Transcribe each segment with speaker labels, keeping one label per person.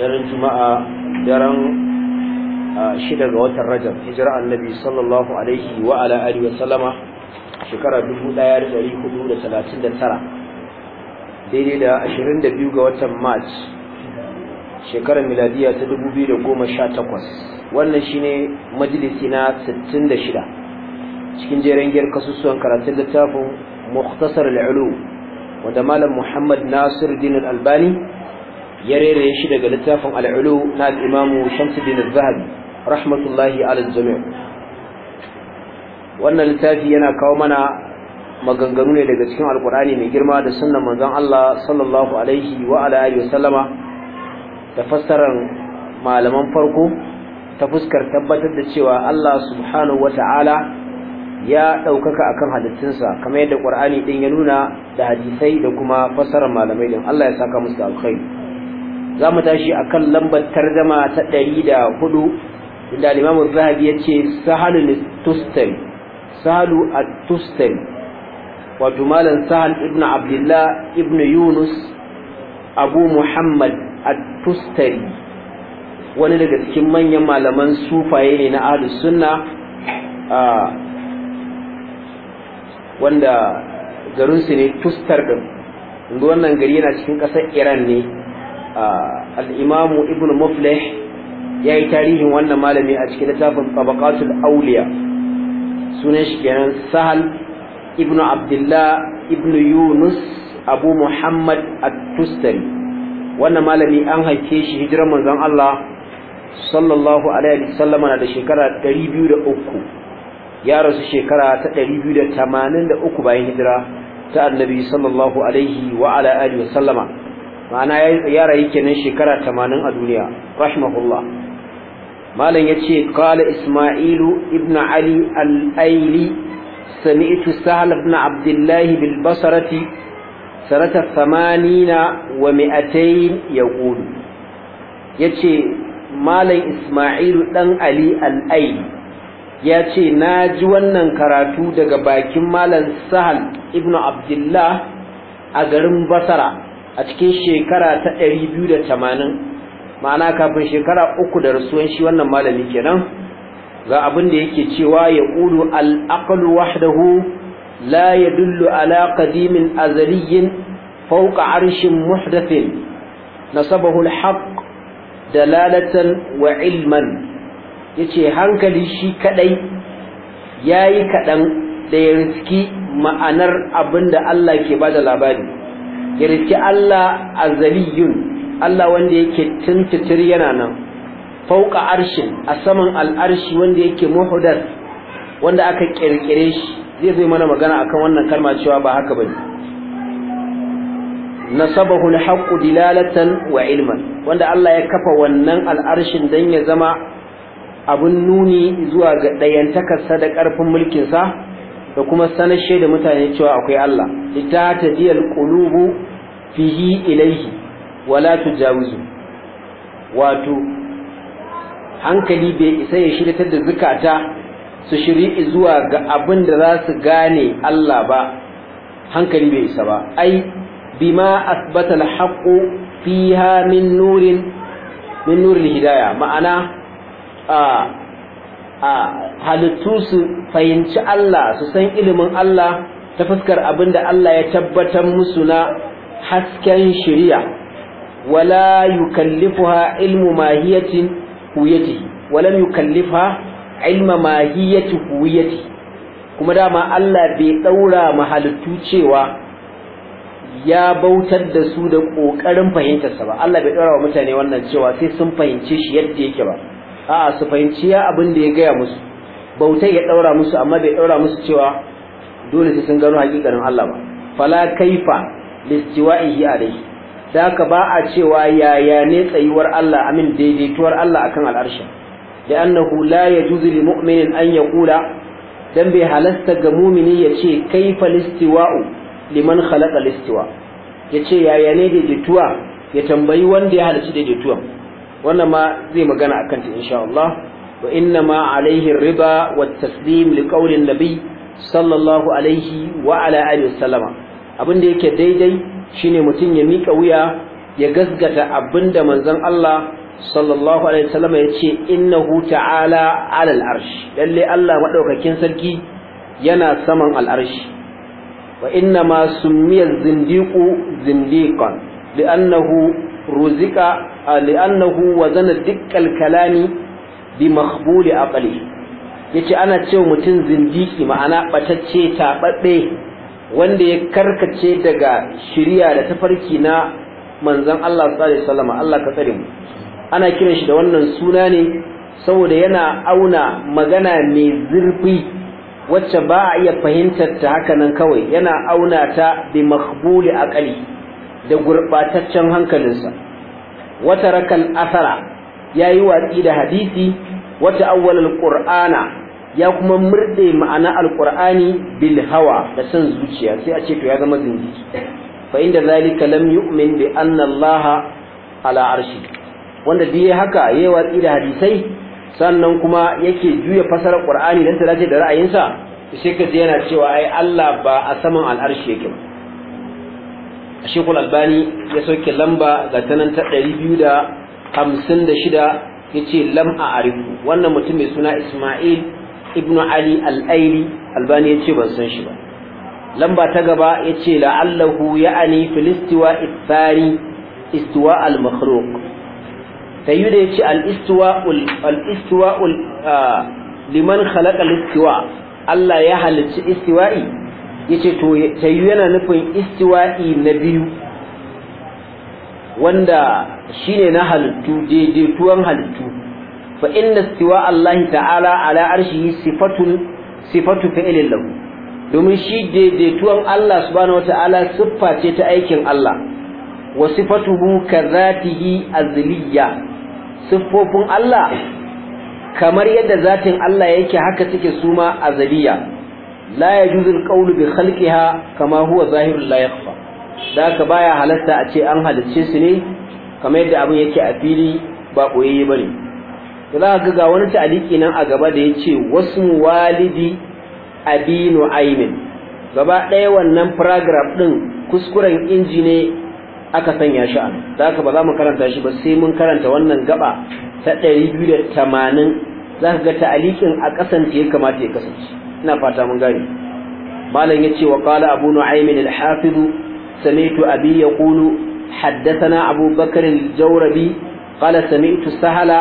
Speaker 1: daren juma'a daren shida ga watan rajab hijira annabi sallallahu alaihi wa ala alihi wa sallama shekara 1439 daidai da 22 ga watan march shekarar miladiya ta 2018 wannan shine majalisi na 66 cikin jeren giyar kasusuwan karatun littafin mukhtasar al'ulu wanda malam muhammad nasir din albani ya rere shi daga littafin al'ulu na al'imamu shamsuddin al-zahabi rahmatullahi al wannan littafi yana kawo mana maganganu ne daga cikin alkur'ani mai girma da sunnan manzon Allah sallallahu alaihi wa ala da fassarar malaman farko ta fuskar tabbatar da cewa Allah subhanahu ta'ala ya a akan halittunsa kamar yadda ƙur'ani ɗin ya nuna da hadisai da kuma fassarar malamai din Allah ya saka musu alkhairi za mu tashi a kan lambar tarzama ta ɗari da hudu da limamu zahabi ya ce sahalu tustari sahalu a tustari wato malam sahal ibn abdullah ibn yunus abu muhammad a tustari wani daga cikin manyan malaman sufaye ne na ahlus sunna wanda garinsu ne tustar din wannan gari yana cikin ƙasar iran ne Al'imamu ibn muflih ya yi tarihin wannan malami a cikin littafin tabaqatul awliya sunan shi kenan sahal ibn abdullah ibn yunus abu muhammad at-tustari wannan malami an haife shi hijiran manzon Allah sallallahu alaihi wasallam na da shekara 203 ya rasu shekara ta 283 bayan hijira ta annabi sallallahu alaihi wa ala alihi wasallama ma'ana ya rayu kenan shekara tamanin a duniya rahimahullah malam yace qala isma'ilu ibn ali al sami'tu sahl ibn Abdullahi bil basrati sanata samanina wa 200 Ya yace malam isma'ilu dan ali ya ce na ji wannan karatu daga bakin malam sahal ibn abdullah a garin basra a cikin shekara ta ɗari biyu da tamanin, ma'ana kafin shekara uku da rasuwan shi wannan malami kenan ga abin da yake cewa ya qulu al-aql wahdahu la yadullu ala qadimin azaliyyin fawqa arshin muhdathin nasabahu al-haqq dalalatan wa ilman yace hankali shi kadai yayi kaɗan da ya riski ma'anar abinda Allah ke bada labari ya Allah azaliyun Allah wanda yake tuntutur yana nan fauka arshin a saman al'arshi wanda yake muhdar wanda aka kirkire shi zai zai mana magana akan wannan kalma cewa ba haka bane nasabahu al-haqqu dilalatan wa ilman wanda Allah ya kafa wannan al'arshin dan ya zama abun nuni zuwa ga takarsa da ƙarfin mulkinsa. da kuma sanashe da mutane cewa akwai Allah ita ta diyal qulubu fihi ilaihi wala tujawizu wato hankali bai isa ya shiryatar da zukata su shiri zuwa ga abin da za su gane Allah ba hankali bai isa ba ai bima asbata alhaqu fiha min nurin min hidayah ma'ana a a halittu su fahimci Allah su san ilimin Allah ta fuskar abin da Allah ya tabbatar musu na hasken shirya wala yukallifuha ilmu mahiyatin huyati wala yukallifuha ilma mahiyati huyati kuma dama Allah bai ma halittu cewa ya bautar da su da kokarin fahimtarsa ba Allah bai daura wa mutane wannan cewa sai sun fahimci shi yadda yake ba a'a su fahimci ya abin da ya gaya musu bautai ya daura musu amma bai daura musu cewa dole su sun gano hakikarin Allah ba fala kaifa lisjiwaihi alayhi da haka ba a cewa yaya ne tsayuwar Allah amin daidaituwar Allah akan al'arshi annahu la yajuzu lil mu'minin an yaqula dan bai halasta ga mumini ya ce kaifa listiwa'u liman khalaqa listiwa ya ce yaya ne daidaituwa ya tambayi wanda ya halarci daidaituwan wannan ma zai magana a kanta insha Allah wa inna ma alaihi riba wa taslim li qaulin nabi sallallahu alaihi wa ala alihi wasallama abin da yake daidai shine mutum ya mika wuya ya gaskata abinda manzon Allah sallallahu alaihi wasallam yace innahu ta'ala alal arsh lalle Allah madaukakin sarki yana saman al arsh wa inna ma sumiya zindiqu zindiqan li'annahu ruzika li'annahu wazana dikkal kalami bi makhbuli aqli yace ana cewa mutum zindiki ma'ana batacce tababbe wanda ya karkace daga shiriya da tafarki na manzon Allah sallallahu alaihi wasallam Allah ka tsare mu ana kiran shi da wannan suna ne saboda yana auna magana mai zurfi wacce ba a iya fahimtar ta haka nan kawai yana auna ta bi makhbuli aqli da gurbataccen hankalinsa wata rakal asara yayi watsi da hadisi wata awwalar ƙur'ana ya kuma murde ma'ana alqur'ani bil hawa da san zuciya sai a ce to ya zama zindiki fa inda zalika lam yu'min bi anna Allah ala arshi wanda duk haka yayi watsi da hadisai sannan kuma yake juya fasarar ƙur'ani, dan ta dace da ra'ayinsa sai ka yana cewa ai Allah ba a saman al'arshi yake ba shekul albani ya sauke lamba ga tanan ta 256 ya ce lam a arifu wannan mutum mai suna ismail ibnu ali al'aili albani ya ce ban san shi ba lamba ta gaba ya ce la'allahu ya'ani filistiwa ithari istuwa al-makhluq ya ce al-istiwa ah, liman khalaqa al Allah ya halicci istiwa'i yace to tayyu yana nufin istiwa'i na biyu wanda shine na halittu daidaituwan halittu fa inna istiwa Allah ta'ala ala arshihi sifatun sifatu fi'lin domin shi daidaituwan Allah subhanahu wata'ala siffa ce ta aikin Allah wa sifatuhu kadhatihi azliya siffofin Allah kamar yadda zatin Allah yake haka suke suma azliya la yajuzu bai bi ha kama huwa zahirul la yakhfa da ka baya halarta a ce an halicce su ne kamar yadda abin yake a fili ba koyayye bane to za ka ga wani ta'aliki nan a gaba da ya ce wasu walidi abinu aimin gaba ɗaya wannan paragraph ɗin kuskuren inji aka sanya shi a da haka ba za mu karanta shi ba sai mun karanta wannan gaɓa ta ɗari biyu 280 za ka ga ta'alikin a kasance ya kamata ya kasance ina fata mun gane malam yace wa qala abu nu'aym al-hafiz sami'tu abi yaqulu haddathana abu bakr al-jawrabi qala sami'tu sahala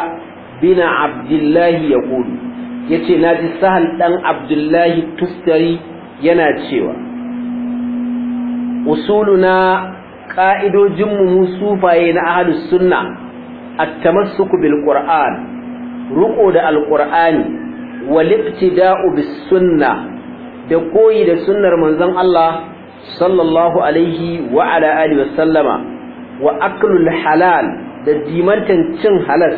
Speaker 1: bin abdullah yaqulu yace naji sahal dan abdullahi tustari yana cewa usuluna ƙa'idojinmu mu musufaye na ahalus sunna at-tamassuku bil qur'an ruko da al-qur'ani walibtida'u bis sunna da koyi da sunnar manzon Allah sallallahu alaihi wa ala alihi wasallama wa aklul halal da dimantan cin halal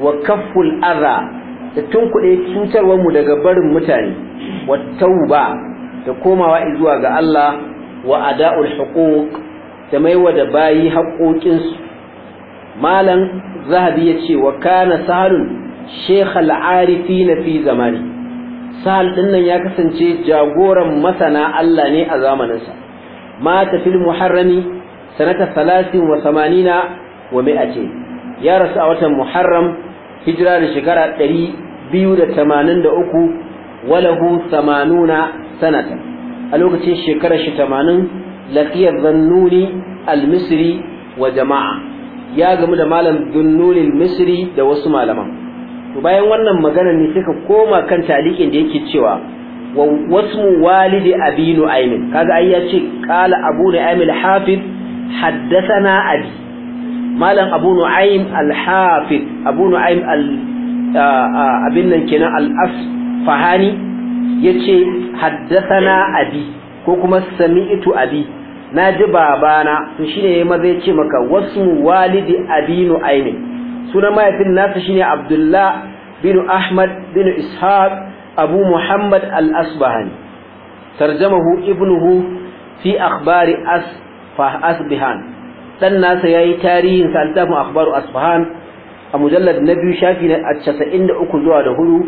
Speaker 1: wa kafful adha da tunkuɗe cutarwar mu daga barin mutane wa tauba da komawa zuwa ga Allah wa ada'ul huquq da maiwa da bayi haƙoƙinsu malam zahabi ya ce wa kana sahalun sheikh al na fi zamani sahal dinnan nan ya kasance jagoran masana Allah ne a zamaninsa mata fil muharrami sanata 83 wa ce, ya rasu a watan muharram hijira da shekara uku walahu 80 sanata a lokacin shekarar shi 80 laqiyar zannuni al-misri wa jama'a ya gamu da malam dunnulil misri da wasu malaman to bayan wannan maganar ne sai ka koma kan talikin da yake cewa wa wasmu walidi abi aimin kaga ai ce qala abu na al hafid haddathana abi malam abu aim al hafid abu aim al abin nan kenan al-asfahani yace haddathana abi ko kuma sami'tu abi na ji babana to shine yayi maza yace maka wasmu walidi abi aimin sunan mahaifin nasa shine abdullah bin ahmad bin ishaq abu muhammad al-asbahani tarjamahu ibnuhu fi akhbari asbahan dan nasa yayi tarihin sa al-dafu akhbaru asbahan a mujallad na biyu shafi na 93 zuwa da hudu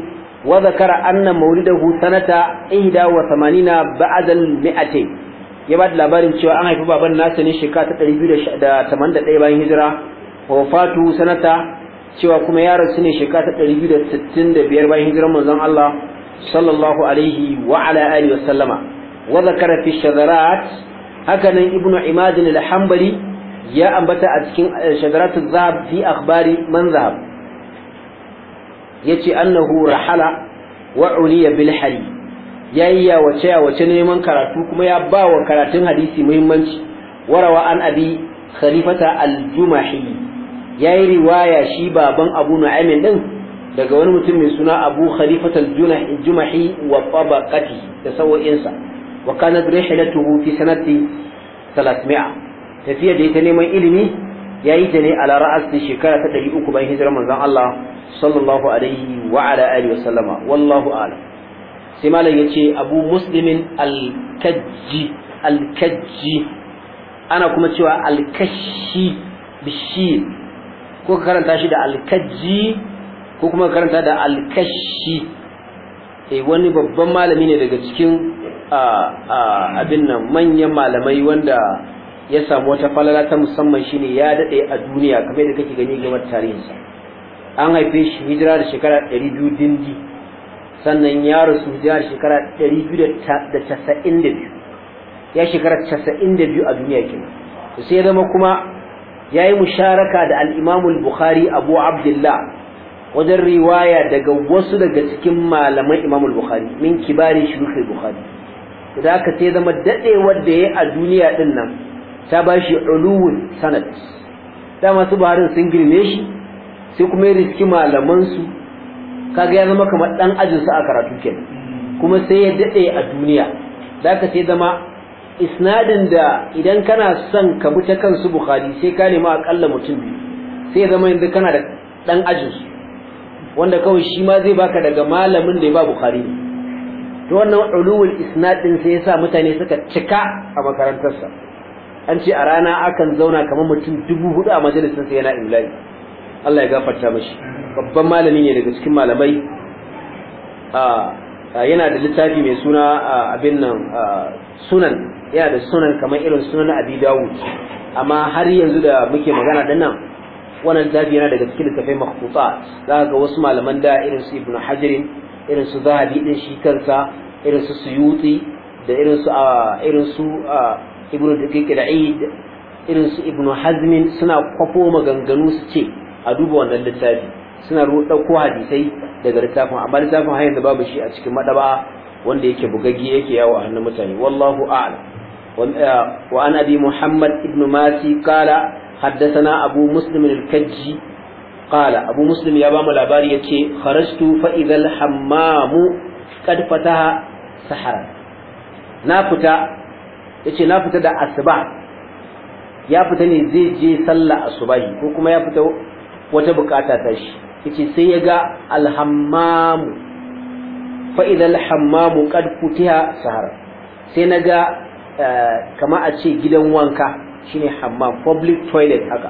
Speaker 1: wa zakara anna maulidahu sanata 81 ba'da al-mi'atayn ya ba da labarin cewa an haifi baban nasa ne shekara ta 281 bayan hijira wafatu sanata cewa kuma ya rasu ne shekara ta 265 bayan hijiran manzon Allah sallallahu alaihi wa ala alihi wa sallama wa zakara fi shadarat hakanan ibnu imad al-hanbali ya ambata a cikin eh, shadaratuz zahab fi akhbari man zahab yace annahu rahala wa uliya bil hali yayi ya wace wace neman karatu kuma ya ba wa karatun hadisi muhimmanci warawa an abi khalifata al-jumahi yayi riwaya shi baban Abu Nu'aym din daga wani mutum mai suna Abu Khalifat al-Jumahi wa tabaqati da sawo'insa wa kanat rihlatuhu fi sanati 300 tafiya da ita neman ilimi yayi ta ne ala ra'as shekara ta 300 bayan hijirar manzon Allah sallallahu alaihi wa ala alihi wa sallama wallahu a'lam sai malam yace Abu Muslimin al-Kajji al-Kajji ana kuma cewa al-Kashi bishir ko ka karanta shi da alkaji ko kuma ka karanta da alkashi eh wani babban malami ne daga cikin abin nan manyan malamai wanda ya samu wata falala ta musamman shine ya dade a duniya kamar da kake gani game da tarihinsa an haife shi hijira da shekara 200 dindi sannan ya rasu hijira da shekara 292 ya shekara 92 a duniya kenan sai ya zama kuma ya yi musharaka da al'imamul bukhari abu abdullah wajen riwaya daga wasu daga cikin malaman imamul bukhari min kibarin rufe bukhari da aka sai zama daɗewar da ya yi a duniya ɗin nan ta ba shi uluwun sanad dama su buharin sun girme shi sai kuma ya riski malamansu kaga ya zama kamar ɗan ajinsu a karatu kenan kuma sai ya daɗe a duniya da aka sai zama isnadin da idan kana son ka bi ta kansu bukhari sai ka nemi akalla mutum biyu sai zama yanzu kana da dan ajin su wanda kawai shi ma zai baka daga malamin da ya ba bukhari to wannan ulul isnad din sai yasa mutane suka cika a makarantarsa an ce a rana akan zauna kamar mutum dubu hudu a majalisar sa yana imlai Allah ya gafarta mashi babban malami ne daga cikin malamai a ah, ah, yana da littafi mai suna ah, abin nan sunan yana da sunan kamar irin sunan abi dawud amma har yanzu da muke magana da nan wannan zabi yana daga cikin littafai makhfuta za ga wasu malaman da irin su ibnu hajar irin su zahabi din shi kansa irin su suyuti da irin su irin su ibnu irin su ibnu hazm suna kwafo maganganu su ce a duba wannan littafi suna ɗauko hadisai daga littafin amma littafin har yanzu babu shi a cikin madaba wanda yake bugaggi yake yawo a hannun mutane wallahu a'lam وعن أبي محمد ابن ماسي قال حدثنا أبو مسلم الكجي قال أبو مسلم يا بام الأبارية خرجت فإذا الحمام قد فتح سحرا نافتا yace na fita da asuba ya fita ne zai je sallah asubahi ko kuma ya fita wata bukata ta shi yace sai ya ga alhammamu fa qad futiha sahara sai naga Eh, kama a ce gidan wanka shine hammam public toilet haka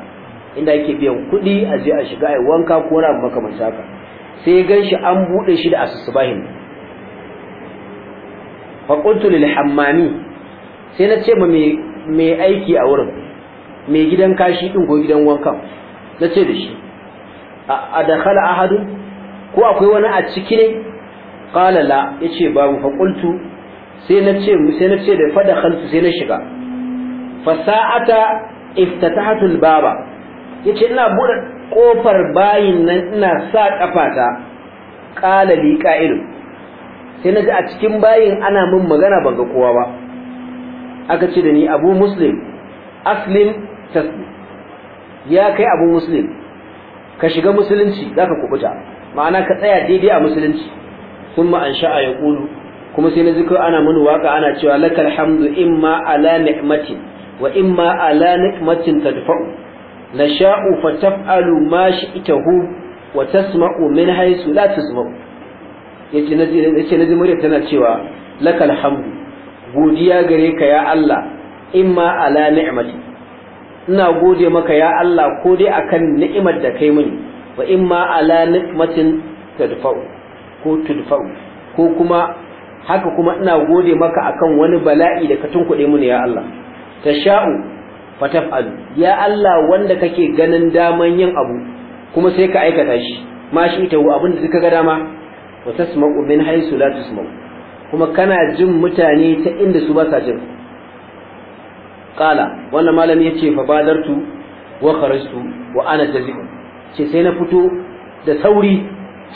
Speaker 1: inda ake biyan kuɗi a je a shiga ai wanka ko na makamanta haka sai ya shi an buɗe shi da asusubahin fa qultu lil hammami sai na ce ma me aiki a wurin mai gidan kashi ɗin ko gidan wanka na ce da shi a dakhala ahadun ko akwai wani a ciki ne qala la yace babu fa sai na ce sai na ce da fada khaltu sai na shiga sa'ata iftatahatu baba. yace ina bude kofar bayin nan ina sa kafata qala li qa'il sai naji a cikin bayin ana min magana ban ga kowa ba aka ce da ni Abu Muslim aslim taslim ya kai Abu Muslim ka shiga musulunci zaka kubuta ma'ana ka tsaya daidai a musulunci an sha'a ya kulu kuma sai na zikir ana mini waka ana cewa lakal hamdu imma ala ni'matin wa imma ala ni'matin tadfa'u nasha'u fataf'alu ma shi'tahu wa tasma'u min haythu la tasma'u yace na yace na murya tana cewa lakal hamdu godiya gare ka ya Allah imma ala ni'mati ina gode maka ya Allah ko dai akan ni'imar da kai mini wa imma ala ni'matin tadfa'u ko tudfa'u ko kuma haka kuma ina gode maka akan wani bala'i da ka tunkuɗe mu ne ya Allah Ta sha'u, fataf'al ya Allah wanda kake ganin daman yin abu kuma sai ka aikata shi ma shi ita abin da suka ga dama wa tasma'u min haythu la tasma'u kuma kana jin mutane ta inda su ba sa jin qala wannan malami yace fa badartu wa kharajtu wa ana jazi'un ce sai na fito da sauri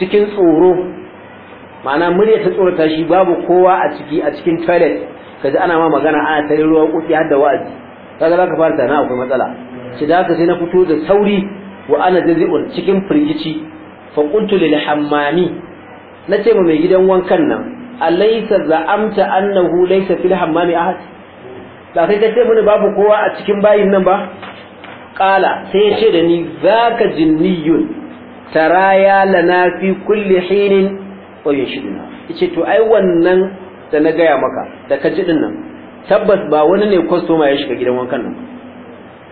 Speaker 1: cikin tsoro ma'ana murya ta tsorata shi babu kowa a ciki a cikin toilet kaji ana ma magana ana tare ruwa kuɗi har da wa'azi kaga zaka fara tana akwai matsala shi da haka sai na fito da sauri wa ana jazi'un cikin firgici fa qultu lil hammami nace ma mai gidan wankan nan alaysa za'amta annahu laysa fil hammami ahad ba kai ce mini babu kowa a cikin bayin nan ba qala sai ya ce da ni zaka jinniyun taraya lana fi kulli hinin shi yunshiduna yace to ai wannan da na gaya maka da ka ji din tabbas ba wani ne kwastoma ya shiga gidan wankan nan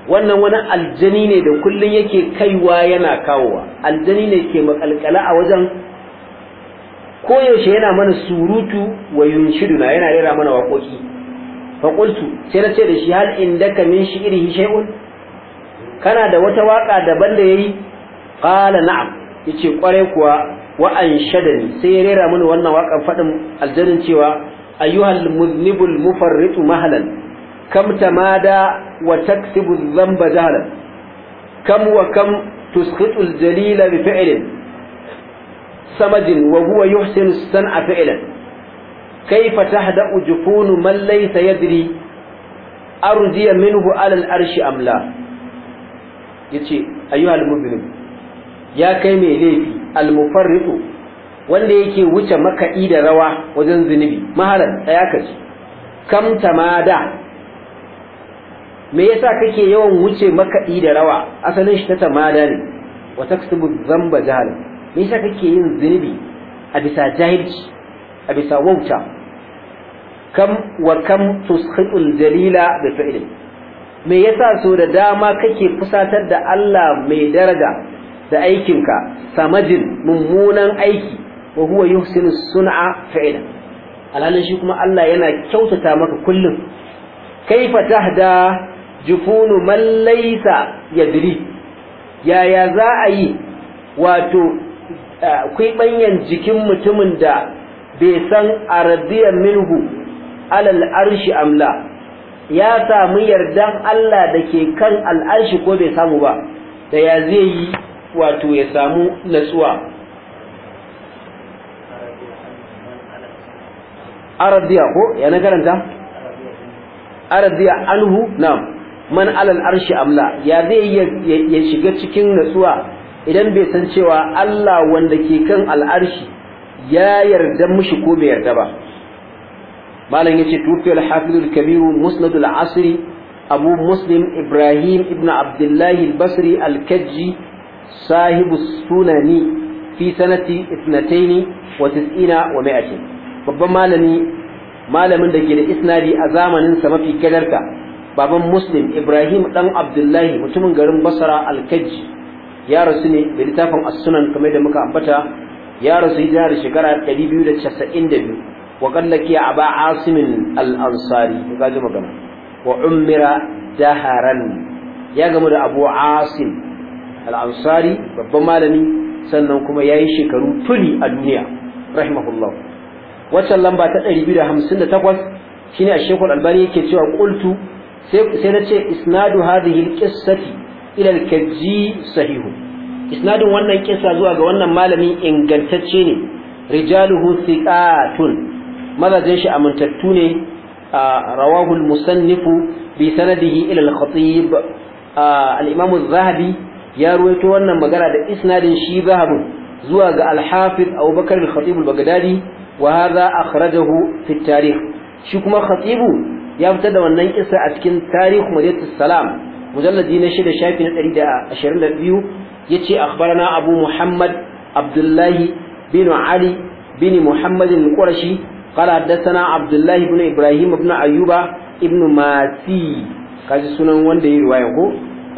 Speaker 1: wannan wani aljani ne da kullun yake kaiwa yana kawowa aljani ne ke makalkala a wajen koyaushe yana mana surutu wa yunshiduna yana rera mana waƙoƙi faƙultu sai na ce da shi hal indaka min shi'rihi shay'un kana da wata waka daban da yayi qala na'am yace kuwa wa an sai ya rera mini wannan waƙar faɗin aljanin cewa ayyuhal muznibul mufarritu mahalan kam tamada wa taksibu dhanba jahalan kam wa kam tusqitu aljalila bi fi'lin samajin wa huwa yuhsinu san'a fi'lan kayfa tahda'u jufunu man laysa yadri arjiya minhu ala al'arshi amla yace ayyuhal muznibul ya kai mai laifi almufarritu wanda yake wuce makaɗi da rawa wajen zunubi mahalar tsaya ka ji kam tamada me yasa kake yawan wuce makaɗi da rawa asalin shi ta tamada ne wa taksubu dhanba jahala me yasa kake yin zunubi a bisa jahilci a bisa wauta kam wa kam tusqitul jalila bi fi'li me yasa so da dama kake kusatar da Allah mai daraja da aikinka samajin mummunan aiki wa huwa yuhsinu sun'a fa'ila alhalin shi kuma Allah yana kyautata maka kullum kaifa tahda jufunu man laysa yadri yaya za a yi wato banyan jikin mutumin da bai san arabiya minhu alal arshi amla ya samu yardan Allah da ke kan al'arshi ko bai samu ba da ya zai yi wato ya samu natsuwa aradiya ko ya na karanta aradiya anhu na man alal arshi amla ya zai ya shiga cikin natsuwa idan bai san cewa Allah wanda ke kan al'arshi ya yarda mushi ko bai yarda ba malam ce tufiyar hafizul kabiru musnadul asiri abu muslim ibrahim ibn abdullahi basri al-kajji sahibu sunani fi sanati isnataini wa tis'ina wa mi'atin babban malamin da ke da isnadi a zamanin sa mafi kadarka baban muslim ibrahim dan abdullahi mutumin garin basra alkaji ya rasu ne da littafin as-sunan kamar da muka ambata ya rasu hijira da shekara 292 wa kallaki aba asimin al-ansari ga magana wa umira daharan ya gamu da abu asim al-ansari babban malami sannan kuma yayi shekaru tuni a duniya rahimahullah wacce lamba ta 258 shine al-shaykh al-albani yake cewa kultu sai na ce isnadu hadhihi al-qissati ila sahihu isnadin wannan kissa zuwa ga wannan malami ingantacce ne rijaluhu thiqatun mazajin shi amintattu ne rawahu al-musannifu bi sanadihi ila al-khatib al az-zahabi ya ruwaito wannan magana da isnadin shi zahabun zuwa ga al-hafiz Abubakar al-Khatib al-Baghdadi wa hadha akhrajahu fi tarikh shi kuma khatibu ya fitar da wannan kissa a cikin tarikh Madinatus Salam mujalladi na 6 shafi na 122 yace akhbarana Abu Muhammad Abdullah bin Ali bin Muhammad al-Qurashi قال حدثنا عبد الله بن ابراهيم بن ايوب ابن kaji sunan wanda ya riwaya ko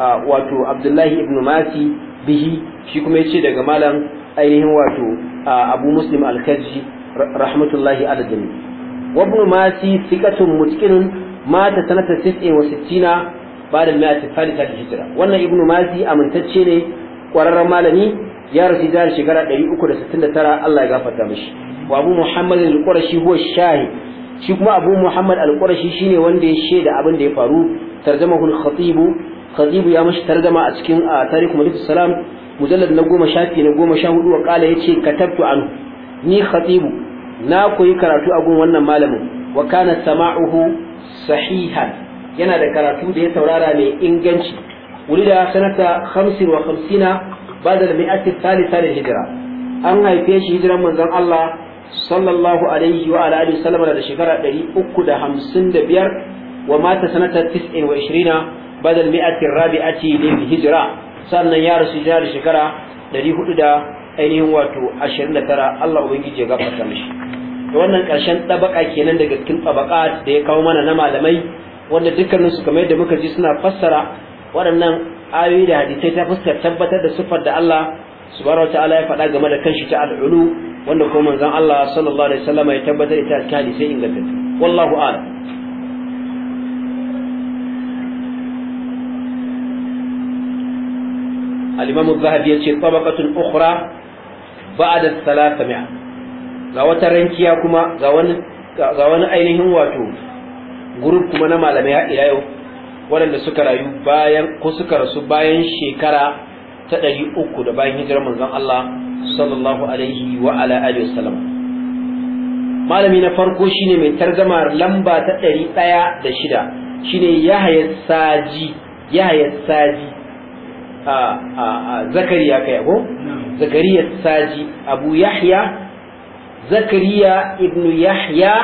Speaker 1: wato abdullahi ibn masi bihi shi kuma ya ce daga malam ainihin wato abu muslim al-kajji rahmatullahi ala jami wa ibn masi thiqatun mutqinun mata sanata 69 ba'da ta miati thalitha hijira wannan ibn masi amintacce ne kwararren malami ya rasu da shekara 369 Allah ya gafarta mishi wa abu muhammad al-qurashi huwa shahi shi kuma abu muhammad al-qurashi shine wanda ya shaida abin da ya faru tarjamahul khatibu khadibu ya mashi targama a cikin a tarihi malik salam mujallad na goma shafi na goma sha hudu wa kala yace katabtu an ni khadibu na koyi karatu a gun wannan malamin wa kana sama'uhu sahihan yana da karatu da ya taurara mai inganci wulida sanata 55 bada da mi'ati thalitha da hijira an haife shi hijiran manzon Allah sallallahu alaihi wa ala alihi sallama da wa mata sanata badal mi'atin rabi'ati lil hijra sannan ya rasu jihar da shekara 400 da ainihin wato 29 Allah ubangiji ya gafarta mishi to wannan karshen tabaka kenan daga cikin tabaka da ya kawo mana na malamai wanda dukkanin su kamar yadda muka ji suna fassara waɗannan ayoyi da hadisai ta fuskar tabbatar da siffar da Allah subhanahu wataala ya faɗa game da kanshi ta al'ulu wanda kuma manzon Allah sallallahu alaihi wasallam ya tabbatar ita cikin hadisai ingantattu wallahu a'lam al-imam az-zahabi yace tabaqatun ukhra ba'da as-salasami'a ga wata rankiya kuma ga wani ga wani ainihin wato group kuma na malamai har ila yau waɗanda suka rayu bayan ko suka rasu bayan shekara ta ɗari uku da bayan hijirar manzon Allah sallallahu alaihi wa ala alihi wasallam malami na farko shine mai tarjama lamba ta ɗari ɗaya da shida shine yahaya saji saji zakariya kai yabo zakariya saji abu yahya zakariya ibnu yahya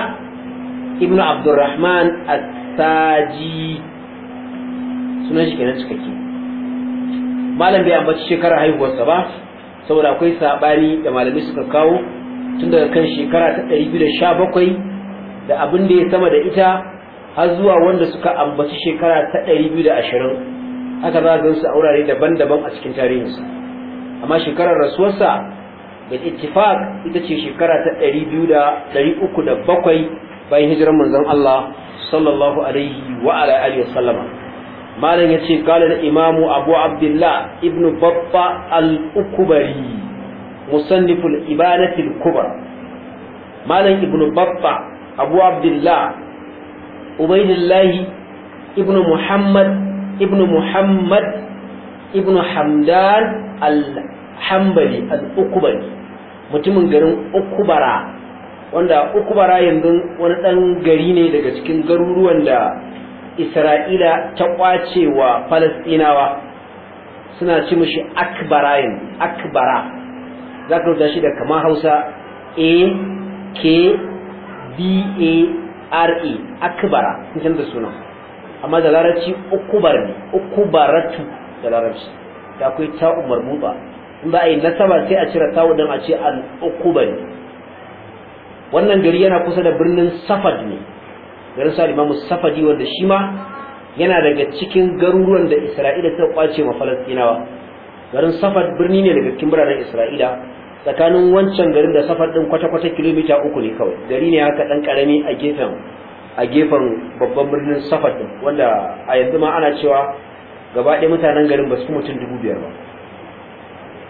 Speaker 1: ibnu abdurrahman as-saji sunan shi kenan ke. malam bai ambaci shekara haihuwarsa ba saboda akwai sabani da malami suka kawo tun daga kan shekara ta 217 da abin da ya sama da ita har zuwa wanda suka ambaci shekara ta da 220 haka za a gansu a wurare daban-daban a cikin su amma shekarar rasuwarsa da ittifaq ita ce shekara ta 200 bayan hijirar manzon Allah sallallahu alaihi wa ala alihi sallama. malam yace kala da imamu abu abdullah ibn babba al-ukbari musannif al-ibanah al-kubra malam ibn babba abu abdullah ubaydillah ibn muhammad ibnu muhammad ibnu hamdan al-hambali al-ukubari mutumin garin ukubara wanda ukubara yanzu wani ɗan gari ne daga cikin garuruwan da isra'ila ta kwace wa falastinawa suna ci mushi akbara yanzu akbara za ka rubuta shi da kama hausa a k b a r e akbara sun da sunan amma da larabci ukubar ne ukubaratu da larabci da akwai ta umar in ba a yi nasaba sai a cire tawo dan a ce al ukubani. wannan gari yana kusa da birnin safad ne garin sa imamu safadi wanda shi ma yana daga cikin garuruwan da isra'ila ta kwace ma falastinawa garin safad birni ne daga cikin biranen isra'ila tsakanin wancan garin da safad din kwata-kwata kilomita uku ne kawai gari ne haka dan karami a gefen a gefen babban birnin safar din wanda a yanzu ma ana cewa gaba ɗaya mutanen garin ba su fi mutum dubu biyar ba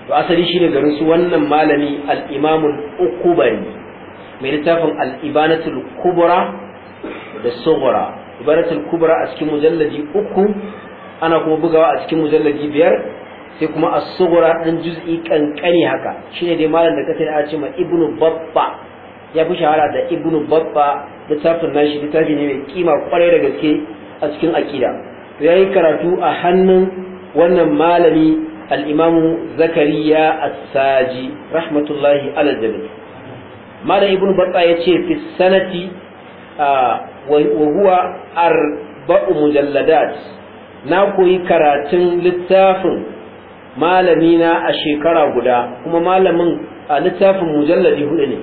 Speaker 1: to asali shine garin su wannan malami al-imam al-ukubari mai littafin al-ibanatul kubra da sughra ibanatul kubra a cikin mujalladi uku ana kuma bugawa a cikin mujalladi biyar sai kuma as-sughra dan juz'i kankani haka shine dai malam da da a ce ma ibnu babba ya fi shahara da ibnu babba littafin nashi littafi ne mai kima kwarai da gaske a cikin akida ya yayi karatu a hannun wannan malami al zakariya a saji rahmatullahi ala jami malam ibnu batta ya fi sanati a huwa arba'u mujalladat na koyi karatun littafin malamina a shekara guda kuma malamin a littafin mujalladi hudu ne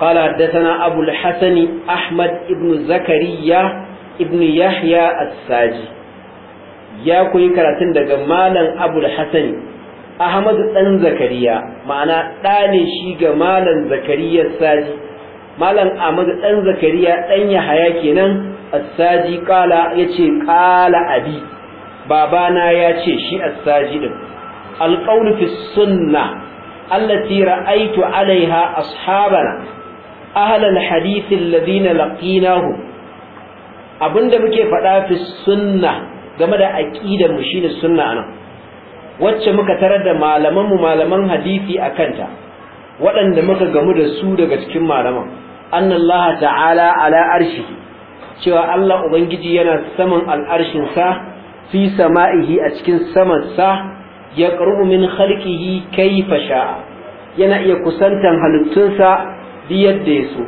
Speaker 1: قال حدثنا أبو الحسن أحمد ابن زكريا ابن يحيى الساجي ya koyi karatun daga malam abul hasani ahmadu zakariya ma'ana ɗa ne shi ga malam zakariya saji malam ahmadu dan zakariya ɗan yahaya kenan as-saji kala yace kala abi babana ya ce shi as-saji din alqawlu fi sunna allati ra'aytu alaiha ashabana ahlal hadith alladhina laqinahu abinda muke faɗa fi sunna game da aqidar mu shine sunna anan wacce muka tarar da malaman mu malaman hadisi akanta waɗanda muka gamu da su daga cikin malaman annallaha ta'ala ala arshi cewa Allah ubangiji yana saman al'arshin sa fi sama'ihi a cikin saman sa ya min khalqihi kayfa sha'a yana iya kusantan halittunsa duk yadda ya so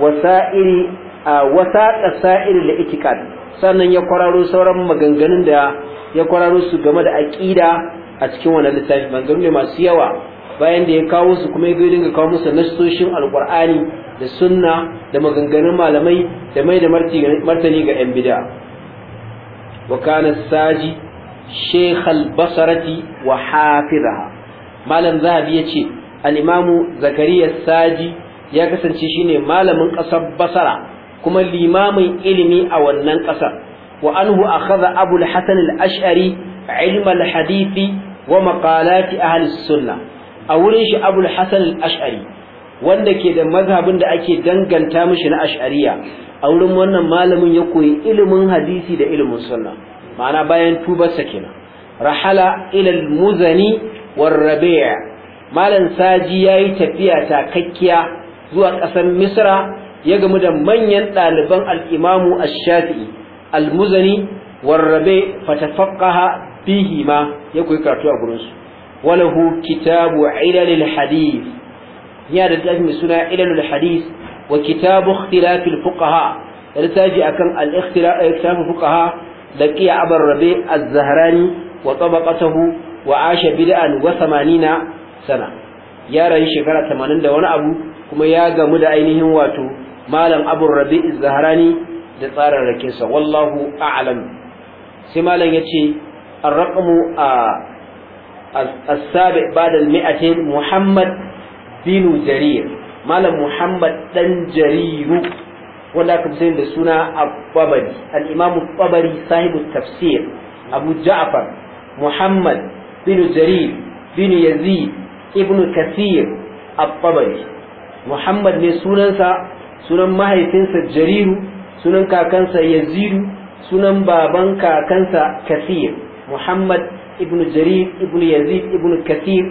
Speaker 1: wasa'iri a wasaqa sa'iri da itikad sannan ya kwararo sauran maganganun da ya kwararo su game da aƙida a cikin wannan littafi maganganu ne masu yawa bayan da ya kawo su kuma ya dinga kawo musu nasoshin alqur'ani da sunna da maganganun malamai da mai da martani ga yan bid'a wa kana saji shaykh basrati wa hafizaha malam zahabi yace al-imamu zakariya saji ya kasance shine malamin ƙasar basara kuma limamin ilimi a wannan ƙasar wa anhu akhadha abu al-hasan al-ash'ari ilm al-hadith wa maqalat ahli sunna a wurin shi abu al-hasan al-ash'ari wanda ke da mazhabin da ake danganta mishi na ash'ariya a wurin wannan malamin ya koyi ilimin hadisi da ilimin sunna ma'ana bayan sa kenan rahala ila al-muzani war rabi' malam saji yayi tafiya takakkiya zuwa ƙasar misra ya gamu da manyan ɗaliban al'imamu ash-shafi'i al-muzani warrabe fatafakaha bihi ma ya koyi karatu a gurinsu. su walahu kitabu ilalil hadith ya da tafi mai suna ilalil hadith wa kitabu ikhtilafil fuqaha da taji akan al-ikhtilaf fuqaha laqiya abar rabi az-zahrani wa tabaqatahu wa asha bid'an wa 80 sana ya rayu shekara 80 da wani abu kuma ya gamu da ainihin wato malam abun rabi zaharani da tsarin rakinsa wallahu a'lam sai malam yace ar-raqmu a السابع بعد المئتين muhammad بن jarir malam muhammad dan jariru wanda aka fi da suna al-babari al-imam babari sahibu tafsir abu ja'far muhammad bin jarir bin yazid ibn kathir al-babari muhammad ne sunansa sunan mahaifinsa jariru sunan kakansa yazidu sunan baban kakansa kasir muhammad ibnu jarir ibnu yazid ibnu kasir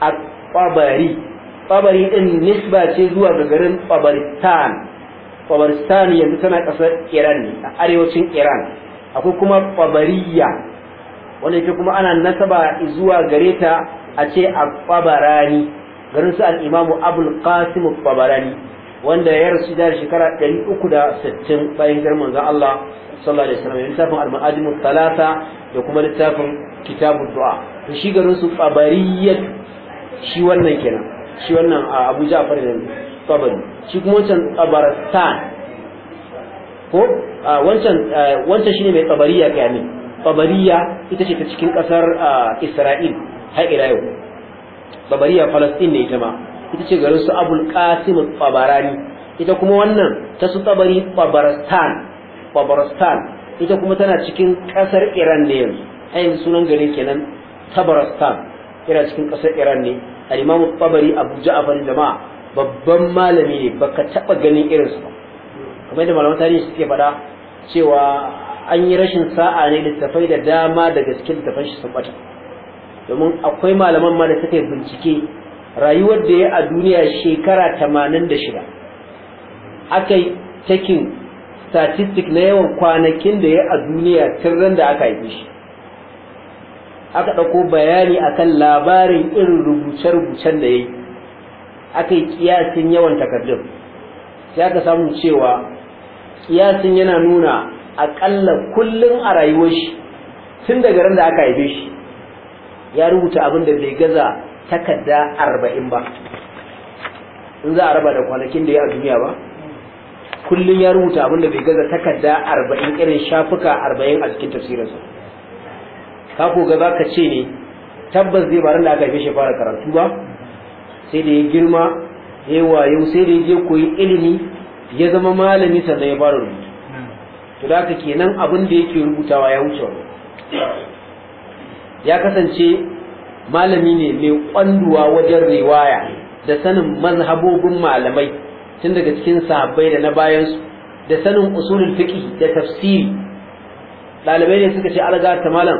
Speaker 1: a kwabari. Kwabari ɗin nisba ce zuwa ga garin ƙwabaristan yanzu tana ƙasar iran ne a arewacin iran akwai kuma kwabariya wanda ita kuma ana nasaba zuwa gareta ta a ce a ƙwabarani garin su al-imamu abul qasim tabarani wanda ya rasu da shekara 360 bayan girman manzon Allah sallallahu alaihi wasallam littafin al-ma'adim thalatha da kuma littafin kitabu du'a to shi garin su tabariyat shi wannan kenan shi wannan a Abu Ja'far ne tabari shi kuma wancan tabaratan ko wancan wancan shine mai tabariya kai ne tabariya ita ce ta cikin kasar Isra'il har ila yau babariya falastin ne ita ma ita ce garin su abul qasim tabarani ita kuma wannan ta su tabari tabaristan ita kuma tana cikin kasar iran ne yanzu ayin sunan garin kenan tabaristan ira cikin kasar iran ne al imam tabari abu ja'far ma babban malami ne baka taba ganin irin ba kamar da malaman tarihi suke faɗa cewa an yi rashin sa'a ne da tafai da dama daga cikin littafan shi sun bata domin akwai malaman ma da suka yi bincike rayuwar da ya a duniya shekara tamanin da shida aka yi takin statistic na yawan kwanakin da ya a duniya tun ran da aka haife shi aka ɗauko bayani akan labarin irin rubuce-rubucen da ya yi aka yi kiyasin yawan takardun sai aka samu cewa kiyasin yana nuna aƙalla kullum a rayuwar shi tun daga ran da aka haife shi ya rubuta abin da bai gaza takarda arba'in ba in za a raba da kwanakin da ya a duniya ba kullum ya rubuta abin da bai gaza takarda arba'in irin shafuka arba'in a cikin tafsirinsa ka ko ga ka ce ne tabbas zai ba da aka haife shi fara karatu ba sai da ya girma ya wayo sai da ya je koyi ilimi ya zama malami sannan ya fara rubutu to da haka kenan abin da yake rubutawa ya wuce ya kasance malami ne mai kwanduwa wajen riwaya da sanin mazhabobin malamai tun daga cikin sahabbai da na bayansu da sanin usulul fiqh da tafsiri dalibai ne suka ce alga ta malam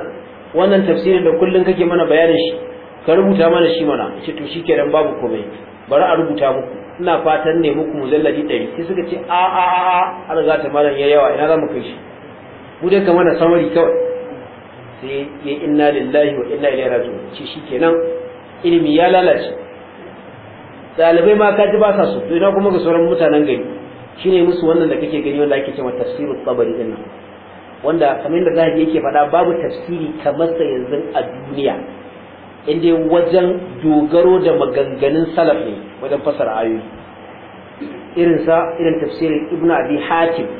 Speaker 1: wannan tafsirin da kullun kake mana bayanin shi ka rubuta mana shi mana shi to shi shikenan babu komai bari a rubuta muku ina fatan ne muku mujalladi 100 sai suka ce a a a alga ta malam ya yawa ina za mu kai shi mu dai kamar na samari kawai sai ya inna lillahi wa inna ilaihi shi shikenan ilimi ya lalace dalibai ma ka ji ba sa so to ina kuma ga sauran mutanen gari shine musu wannan da kake gani wanda ake cewa tafsiru tabari din nan wanda kamar da zahiri yake faɗa babu tafsiri kamar sa yanzu a duniya inda wajen dogaro da maganganun salaf ne wajen fasara ayoyi irinsa irin tafsirin ibnu abi hatim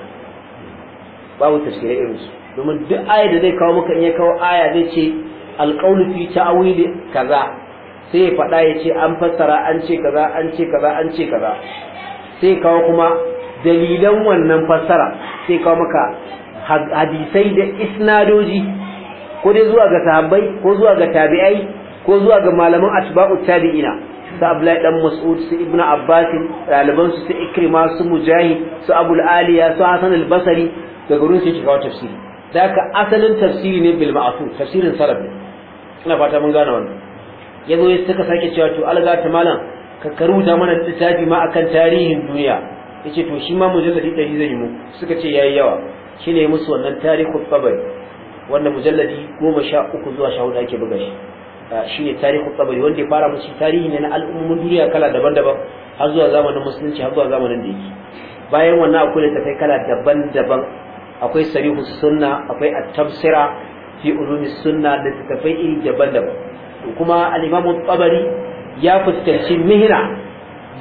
Speaker 1: babu tafsirin irinsu domin duk aya da zai kawo maka in ya kawo aya zai ce alqaulu fi ta'wili kaza sai ya faɗa ya ce an fassara an ce kaza an ce kaza an ce kaza sai kawo kuma dalilan wannan fassara sai kawo maka hadisai da isnadoji ko dai zuwa ga sahabbai ko zuwa ga tabi'ai ko zuwa ga malaman atba'u tabi'ina su Abdullahi dan Mas'ud su ibnu Abbas ɗaliban su su Ikrima su Mujahid su Abul Aliya su Hasan al-Basri daga su sai kawo tafsiri da haka asalin tafsiri ne bil ma'asu tafsirin sarabi ina fata mun gane wannan yazo ya suka sake cewa to alga ta malam ka karu da mana littafi ma akan tarihin duniya yace to shi ma mujalladi 100 zai mu suka ce yayi yawa shine musu wannan tarihu tabari wanda mujalladi 13 zuwa 14 ake buga shi shine tarihu tabari wanda ya fara musu tarihi ne na al'ummomin duniya kala daban-daban har zuwa zamanin musulunci har zuwa zamanin da yake bayan wannan akwai littafai kala daban-daban akwai sarihu sunna akwai at-tafsira fi ulumi sunna da tafai iri daban-daban kuma al-imam tabari ya fuskanci Mihina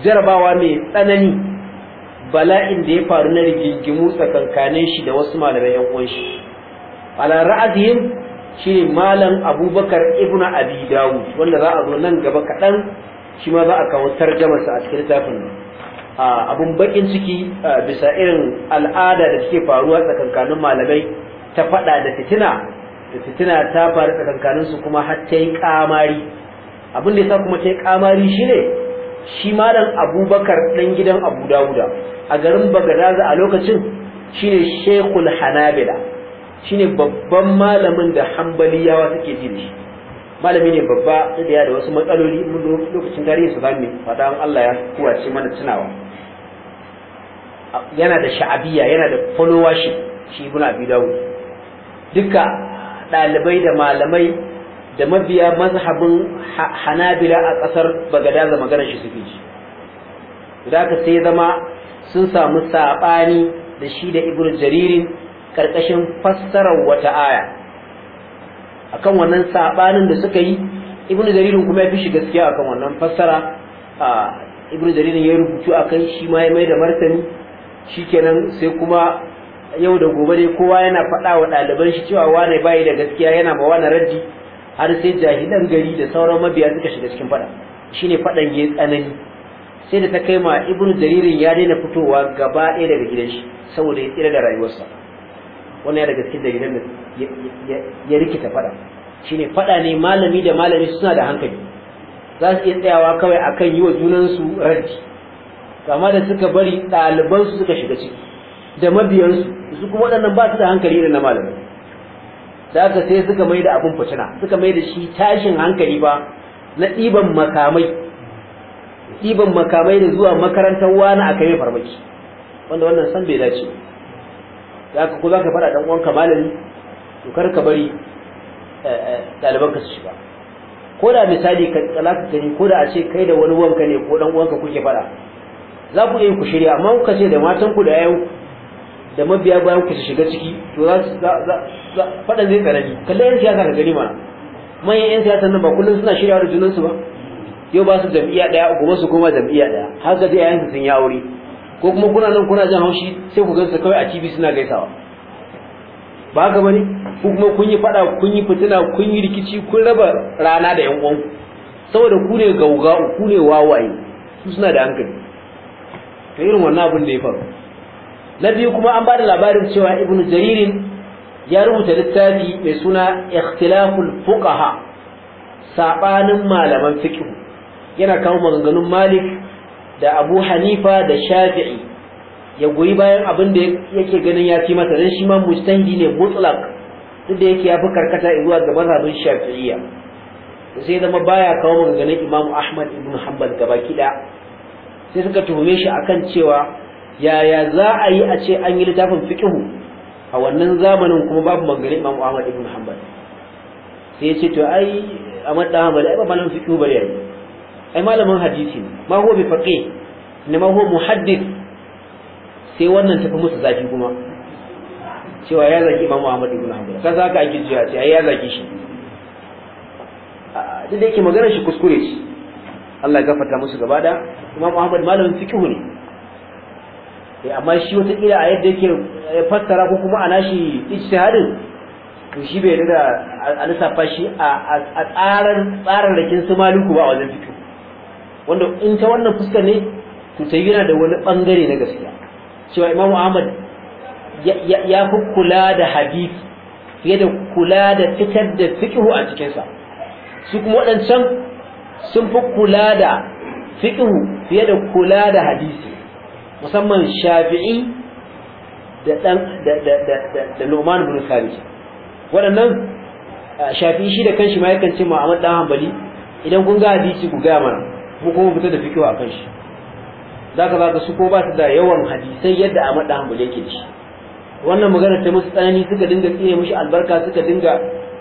Speaker 1: jarabawa mai tsanani bala'in da ya faru na rigingimu tsakankanin shi da wasu malamai yan uwan shi ala ra'adihim shine malam abubakar ibnu abi dawud wanda za a zo nan gaba kaɗan shi ma za a kawo tarjamarsa a cikin littafin nan abun bakin ciki bisa irin al'ada da take faruwa tsakankanin malamai ta fada da fitina da fitina ta faru tsakankanin su kuma har ta yi kamari abin da yasa kuma ta yi kamari shine shi malam Abubakar dan gidan Abu Dawuda a garin Bagadaza a lokacin shine Sheikhul Hanabila shine babban malamin da Hanbaliyawa suke ji shi malami ne babba da ya da wasu matsaloli mun lokacin tarihi su zamu faɗa Allah ya kuwace mana tunawa yana da sha'abiya yana da followership shi ibn abi dawud duka dalibai da malamai da mabiya mazhabin hanabila a kasar bagadaza magana shi suke ji da ka sai zama sun samu sabani da shi da ibn jaririn karkashin fassarar wata aya akan wannan sabanin da suka yi ibn jaririn kuma ya fi shi gaskiya akan wannan fassara ibn jaririn ya rubutu akan shi ma ya mai da martani shikenan sai kuma yau da gobe dai kowa yana faɗa wa ɗaliban shi cewa wane bayi da gaskiya yana ba wane raddi har sai jahilan gari da sauran mabiya suka shiga cikin faɗa shine faɗan ya tsanani sai da ta kai ma ibnu jaririn ya daina fitowa gaba ɗaya daga gidan shi saboda ya tsira da rayuwarsa wannan ya daga cikin dalilan da ya rikita faɗa shine faɗa ne malami da malami suna da hankali za su iya tsayawa kawai akan yi wa junansu raddi kama da suka bari ɗalibansu suka shiga ciki da mabiyansu su kuma waɗannan ba su da hankali irin na malamai da aka sai suka mai da abin fitina suka mai da shi tashin hankali ba na ɗiban makamai ɗiban makamai da zuwa makarantar wani a kai farmaki wanda wannan san bai dace da aka ko za ka faɗa ɗan malami to kar ka bari eh, eh, ɗalibanka su shiga ko da misali ka tsala ka gani ko da a ce kai da wani wanka ne ko ɗan uwanka kuke faɗa za ku iya ku shirya amma kuka ce da matan ku da yau da mabiya bayan ku su shiga ciki to za za fada zai tsanani kalle yan siyasa ga gani ma manyan yan siyasa nan ba kullum suna shirya da junansu ba yau ba su jam'iyya ɗaya gobe su koma jam'iyya ɗaya har ga dai yayin sun yi aure ko kuma kuna nan kuna jin haushi sai ku gansu kawai a TV suna gaisawa ba ga bane ku kuma kun yi fada kun yi fitina kun yi rikici kun raba rana da yan uwan saboda ku ne gauga ku ne wawaye su suna da hankali to irin wannan abin da ya faru na biyu kuma an ba da labarin cewa ibnu jaririn ya rubuta littafi mai suna ikhtilaful fuqaha sabanin malaman fiqh yana kawo maganganun malik da abu hanifa da shafi'i ya goyi bayan abin da yake ganin ya fi masa dan shi ma mujtahidi ne mutlaq duk da yake ya fi karkata zuwa ga mazhabin shafi'iyya sai zama baya kawo maganganun imam ahmad ibn hanbal gabaki kida sai suka tuhume shi akan cewa yaya za a yi a ce an yi littafin fiqhu a wannan zamanin kuma babu maganganun Imam Ahmad ibn Hanbal sai ya ce to ai Ahmad da Hanbal ai ba malamin fiqhu bare yayi ai malamin hadisi ma huwa bi faqih ne ma huwa muhaddith sai wannan tafi musu zafi kuma cewa ya zaki Imam Ahmad ibn Hanbal kaza haka ake jiya ce ai ya zaki shi duk da yake magana shi kuskure shi Allah ya gafarta musu gaba da Imam Ahmad malamin fiqh ne eh amma shi wata kila a yadda yake eh, fassara ko kuma ana shi ijtihadin to shi bai da a safa shi a tsarin rakin su maliku ba wajen fiqh wanda in ta wannan fuska ne to ta yana da wani bangare na gaskiya cewa Imam Ahmad ya fi kula da hadisi fiye da kula da fitar da fiqh a cikinsa su kuma waɗancan sun fi kula da fiƙihu fiye da kula da hadisi musamman shafi'i da ɗan da lomani bin da waɗannan shafi'i shi da kanshi ma yakan ce Muhammad ɗan Hanbali idan kun ga hadisi ku gaya mana mu kuma fita da a kan shi ka zaka su ko ba su da yawan hadisai yadda Ahmad dan Hanbali yake ci wannan magana ta musu tsanani suka dinga tsiye mishi albarka suka dinga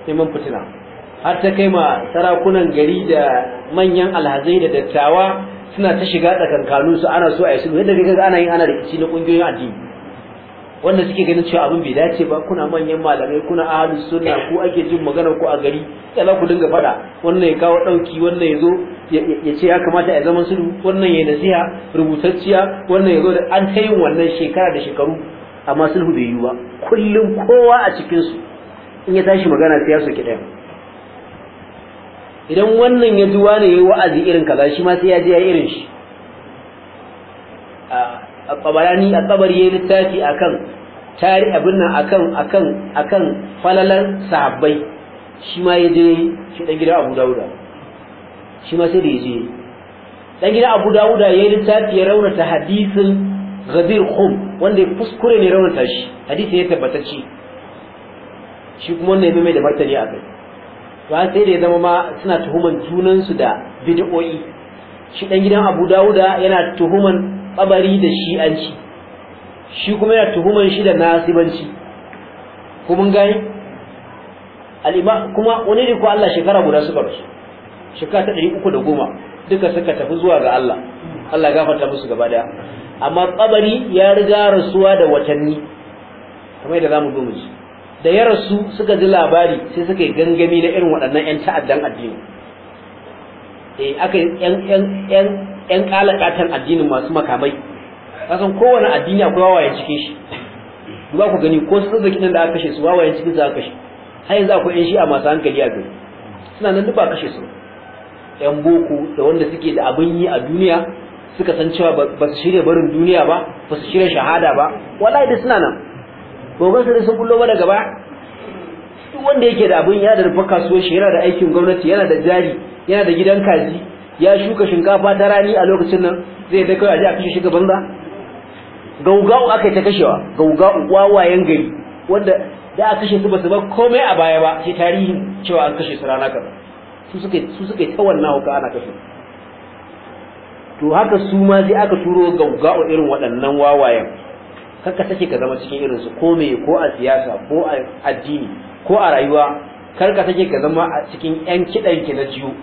Speaker 1: neman fitina har ta kai ma sarakunan gari da manyan alhazai da dattawa suna ta shiga tsakankanin su ana so a yi sulhu yadda kaga ana yin ana rikici na kungiyoyin addini wanda suke ganin cewa abin bai dace ba kuna manyan malamai kuna ahlus sunna ku ake jin magana ku a gari ya za ku dinga faɗa wannan ya kawo ɗauki wannan ya zo ya ce ya kamata ya zama sulhu wannan ya nasiha rubutacciya wannan ya zo da an ta yin wannan shekara da shekaru amma sulhu bai yi ba kullum kowa a cikinsu in ya tashi magana sai ya soki ɗaya idan wannan ya ji ya yi wa'azi irin kaza shi ma sai ya je ya irin shi a ƙabarani a tabar yayi littafi a kan tari abin nan a kan akan falalan sahabbai shi ma ya je shi ɗan gida Abu Dawuda shi ma sai da ya je ɗan gida Abu Dawuda yi littafi ya raunata hadisin zabir Khum wanda ya kuskure ne raunata shi hadisi ya tabbatacce shi kuma wannan ya mai da martani akai ba sai da ya zama ma suna tuhuman junansu da bid'o'i shi dan gidan Abu Dawuda yana tuhuman tsabari da shi'anci shi kuma yana tuhuman shi da nasibanci ko mun gani al'ima kuma wani ne ko Allah shekara guda suka rasu shekara ta 310 duka suka tafi zuwa ga Allah Allah gafarta musu gaba daya amma tsabari ya riga rasuwa da watanni kamar yadda zamu zo mu ji da ya rasu suka ji labari sai suka yi gangami na irin waɗannan 'yan ta'addan addini eh aka yi 'yan ƙalaƙatan addinin masu makamai kasan kowane addini akwai wawayen cikin shi duba ku gani ko su zaki nan da aka kashe su wawayen cikin su aka kashe har yanzu akwai 'yan a masu hankali a gari suna nan duba kashe su 'yan boko da wanda suke da abin yi a duniya suka san cewa ba su shirya barin duniya ba ba su shirya shahada ba wallahi da suna nan gobe sai sun kullo mana gaba duk wanda yake da abin ya da rufa shi yana da aikin gwamnati yana da jari yana da gidan kaji ya shuka shinkafa ta rani a lokacin nan zai da kawai a kashe shiga banza. da gaugau aka yi ta kashewa gaugau wawayen gari wanda da a kashe su ba su ba komai a baya ba shi tarihi cewa an kashe su rana kaza su suka su suka ta wannan hauka ana kashe to haka su ma sai aka turo gaugau irin waɗannan wawayen kakka take ka zama cikin irin su ko me ko a siyasa ko a addini ko a rayuwa karka take ka zama a cikin yan kidan ki na jiyo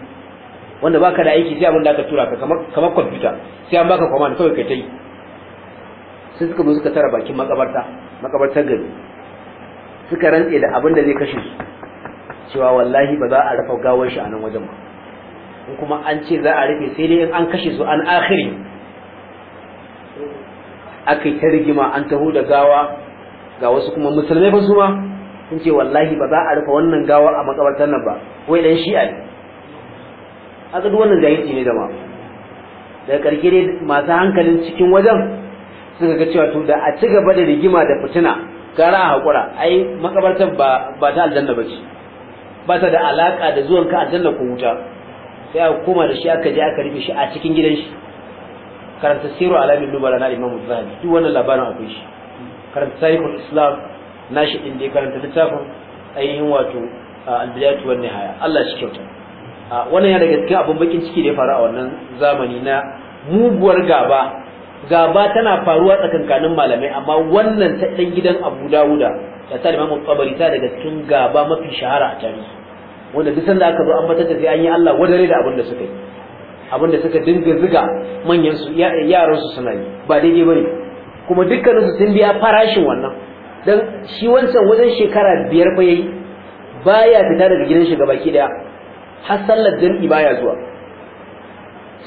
Speaker 1: wanda baka da aiki sai abin da aka tura ka kamar kamar computer sai an baka command kawai kai tai sai suka zo suka tara bakin makabarta makabartar gari suka rantse da abin da zai kashe su cewa wallahi ba za a rafa gawar shi a nan wajen ba in kuma an ce za a rufe sai dai in an kashe su an akhiri aka yi ta rigima an taho da gawa ga wasu kuma musulmai ba su ma sun ce wallahi ba za a rufe wannan gawa a makabartar nan ba wai dan shi'a ne aka duk wannan jahilci ne da ma daga karke masu hankalin cikin wajen suka ga cewa to da a ci gaba da rigima da fitina gara a hakura ai makabartar ba ba ta aljanna ba ce. ba ta da alaka da zuwan ka aljanna ko wuta sai a koma da shi aka je aka rufe shi a cikin gidan shi karanta siru alamin nubala na imamu zahabi duk wannan labarin akwai shi karanta tarihul islam na shi din da karanta littafin ainihin wato albidayatu wan nihaya Allah shi kyauta wannan ya daga cikin abin bakin ciki da ya faru a wannan zamani na muguwar gaba gaba tana faruwa tsakankanin malamai amma wannan ta dan gidan Abu Dawuda da ta Imam Tabari ta daga cikin gaba mafi shahara a tarihi wanda duk sanda aka zo an batar sai an yi Allah wadare da abin da suka yi abinda suka dinga ziga manyan su yaran su suna yi ba daidai bane kuma dukkanin su sun biya farashin wannan dan shi wancan wajen shekara biyar fa yayi baya fita daga gidan shi gabaki daya har sallar jami'i baya zuwa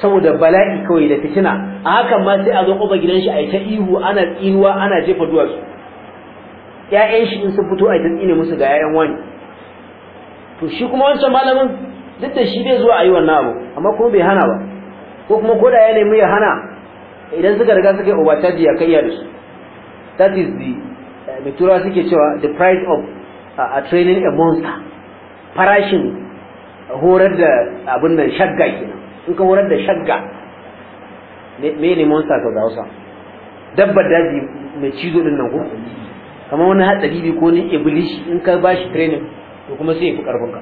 Speaker 1: saboda bala'i kawai da fitina a hakan ma sai a zo kuma gidan shi a ta ihu ana tsinuwa ana jefa duwatsu ƴaƴan shi in sun fito a ta tsine musu ga yayan wani to shi kuma wancan malamin duk da shi bai zuwa a yi wannan abu amma kuma bai hana ba ko kuma koda ya nemi ya hana idan suka riga suka yi overcharge ya kai ya dusu that is the eh, mai turawa suke cewa the price of eh, a training a monster farashin horar da abin nan shagga kenan in ka horar da shagga me ne monster ka hausa dabbar daji mai cizo din nan ko kamar wani hatsari ne ko ni iblis in ka bashi training to kuma sai ya fi karfin ka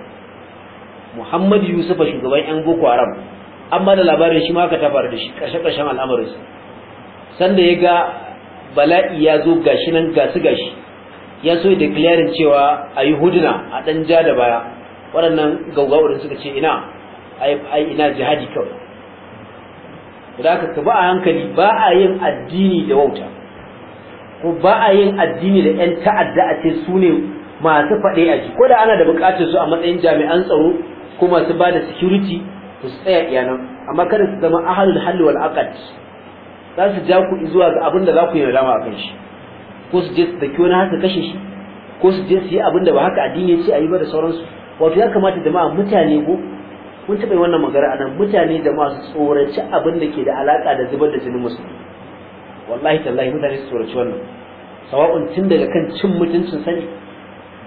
Speaker 1: Muhammad Yusuf shugaban yan Boko Haram amma da labarin shi ma aka tabar da shi kashe kashen al'amarin sa sanda ya ga bala'i ya zo gashi nan gasu gashi ya so ya declaring cewa ayi huduna a dan ja da baya waɗannan gaugawurin suka ce ina ai ina jihadi kawai da ka ba a hankali ba a yin addini da wauta ko ba a yin addini da yan ta'adda a ce su masu faɗe a ji ko da ana da buƙatar su a matsayin jami'an tsaro ko masu bada da security su tsaya iyanan amma kada su zama ahalul hal wal aqd za su ja ku zuwa ga abin da za ku yi nadama a kan shi ko su je su dake wani haka kashe shi ko su je su yi abin da ba haka addini ya ce a yi ba da sauransu wato ya kamata jama'a mutane ko mun taɓa wannan magana anan mutane da masu tsoraci abin da ke da alaƙa da zubar da jinin musulmi wallahi tallahi mutane su tsoraci wannan sawa'un tun daga kan cin mutuncin sani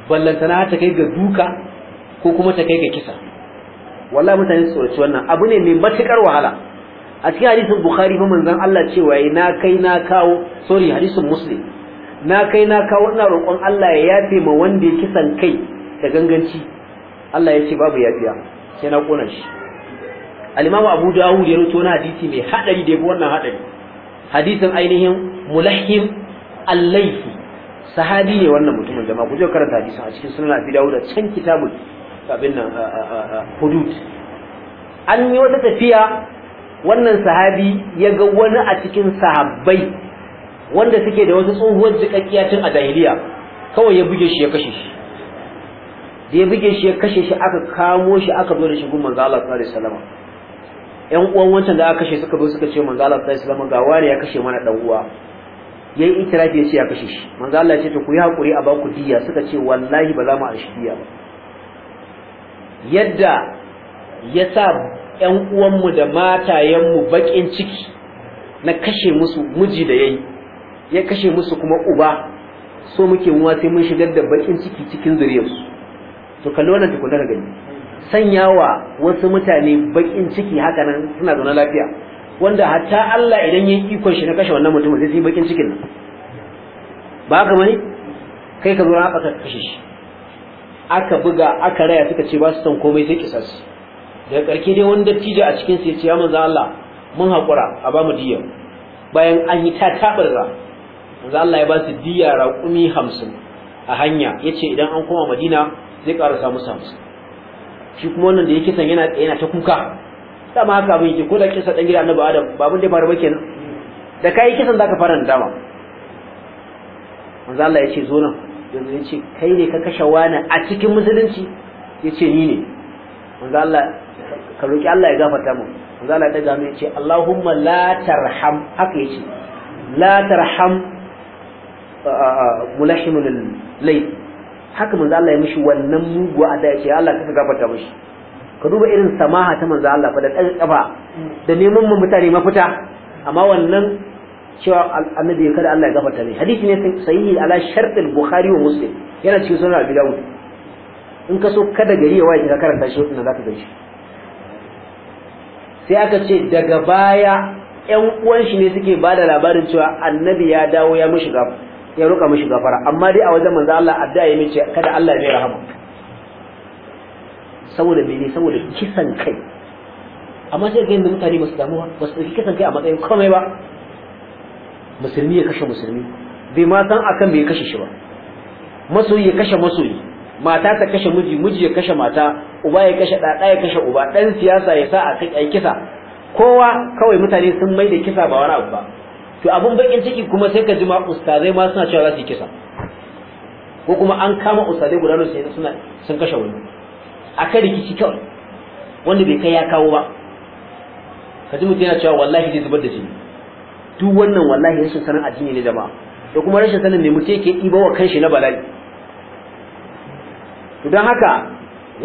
Speaker 1: ballantana ta kai ga duka ko kuma ta kai ga kisa wallahi mutane su tsoraci wannan abu ne mai matukar wahala a cikin hadisin bukhari fa manzon Allah cewa yi na kai na kawo sorry hadisin muslim na kai na kawo ina roƙon Allah ya yafe ma wanda ya kisan kai da ganganci Allah ya ce babu yafiya sai na kona shi al-imam Abu Dawud ya rawaito wani hadisi mai hadari da wannan hadari hadisin ainihin mulahim al sahadi sahabi ne wannan mutumin jama'a ku je karanta hadisin a cikin sunan Abi da can kitabul abin nan hudud an yi wata tafiya wannan sahabi ya ga wani a cikin sahabbai wanda suke da wasu tsohuwar jikakkiya tun a jahiliya kawai ya buge shi ya kashe shi da ya buge shi ya kashe shi aka kamo shi aka zo da shi gun manzo Allah sallallahu alaihi ƴan uwan wancan da aka kashe suka zo suka ce manzo Allah sallallahu alaihi ga wani ya kashe mana dan uwa yayi itirafi ya ce ya kashe shi manzo Allah ya ce to ku yi hakuri a ba ku diya suka ce wallahi ba za mu arshi diya ba yadda ya sa ‘yan uwanmu da matayenmu baƙin ciki na kashe musu miji da yayi ya kashe musu kuma uba so muke muwa sai mun shigar da baƙin ciki cikin zuriyarsu to kalli wannan tukunar gani sanyawa wasu mutane baƙin ciki haka nan suna zaune lafiya wanda hatta Allah idan ya yi ikon shi na kashe wannan mutumin sai yi baƙin cikin nan ba haka mani kai ka zo haka ka kashe shi aka buga aka raya suka ce ba su san komai sai kisas daga karke dai wani dattijo a cikin sai ya ce ya manzo Allah mun hakura a ba mu diya bayan an yi ta tabarra manzo Allah ya ba su diya raƙumi 50 a hanya yace idan an koma Madina zai karasa musu 50 shi kuma wannan da yake san yana yana ta kuka dama haka abin yake ko da kisa dan gida Annabi Adam ba abin da ya faru ba kenan da kai kisan zaka fara dama manzo Allah ya ce zo nan yanzu ya ce kai ne ka kashe wani a cikin musulunci ya ce ni ne wanzu Allah ka roƙi Allah ya gafarta mu wanzu Allah ya daga mu ya ce Allahumma la tarham haka ya ce la tarham mulahimul lai haka manzo Allah ya mishi wannan mugu a da ya ce Allah ka gafarta mishi ka duba irin samaha ta manzo Allah fa da ɗan kafa da neman mu mutane mafita amma wannan cewa annabi ya kada Allah ya gafarta mai hadisi ne sahihi ala shartil bukhari wa muslim yana cikin sunan abi dawud in ka so kada gari ya waye ka karanta shi wannan zaka gani sai aka ce daga baya ƴan uwan shi ne suke bada labarin cewa annabi ya dawo ya mishi gafa ya roka mishi gafara amma dai a wajen manzo Allah addu'a ya mice kada Allah ya rahama saboda me ne saboda kisan kai amma sai ga yanda mutane ba su damuwa ba su kisan kai a matsayin komai ba musulmi ya kashe musulmi bai ma san akan bai kashe shi ba masoyi ya kashe masoyi mata ta kashe miji miji ya kashe mata uba ya kashe ɗaɗa ya kashe uba ɗan siyasa ya sa a kisa kowa kawai mutane sun mai da kisa ba wani abu ba to abun bakin ciki kuma sai ka ji ma ustazai ma suna cewa za su yi kisa ko kuma an kama ustazai guda sai suna sun kashe wani a kai rikici kawai wanda bai kai ya kawo ba ka ji mutum yana cewa wallahi zai zubar da jini duk wannan wallahi rashin sanin addini ne jama'a da kuma rashin sanin me mutum yake ɗiba wa kanshi na bala'i to don haka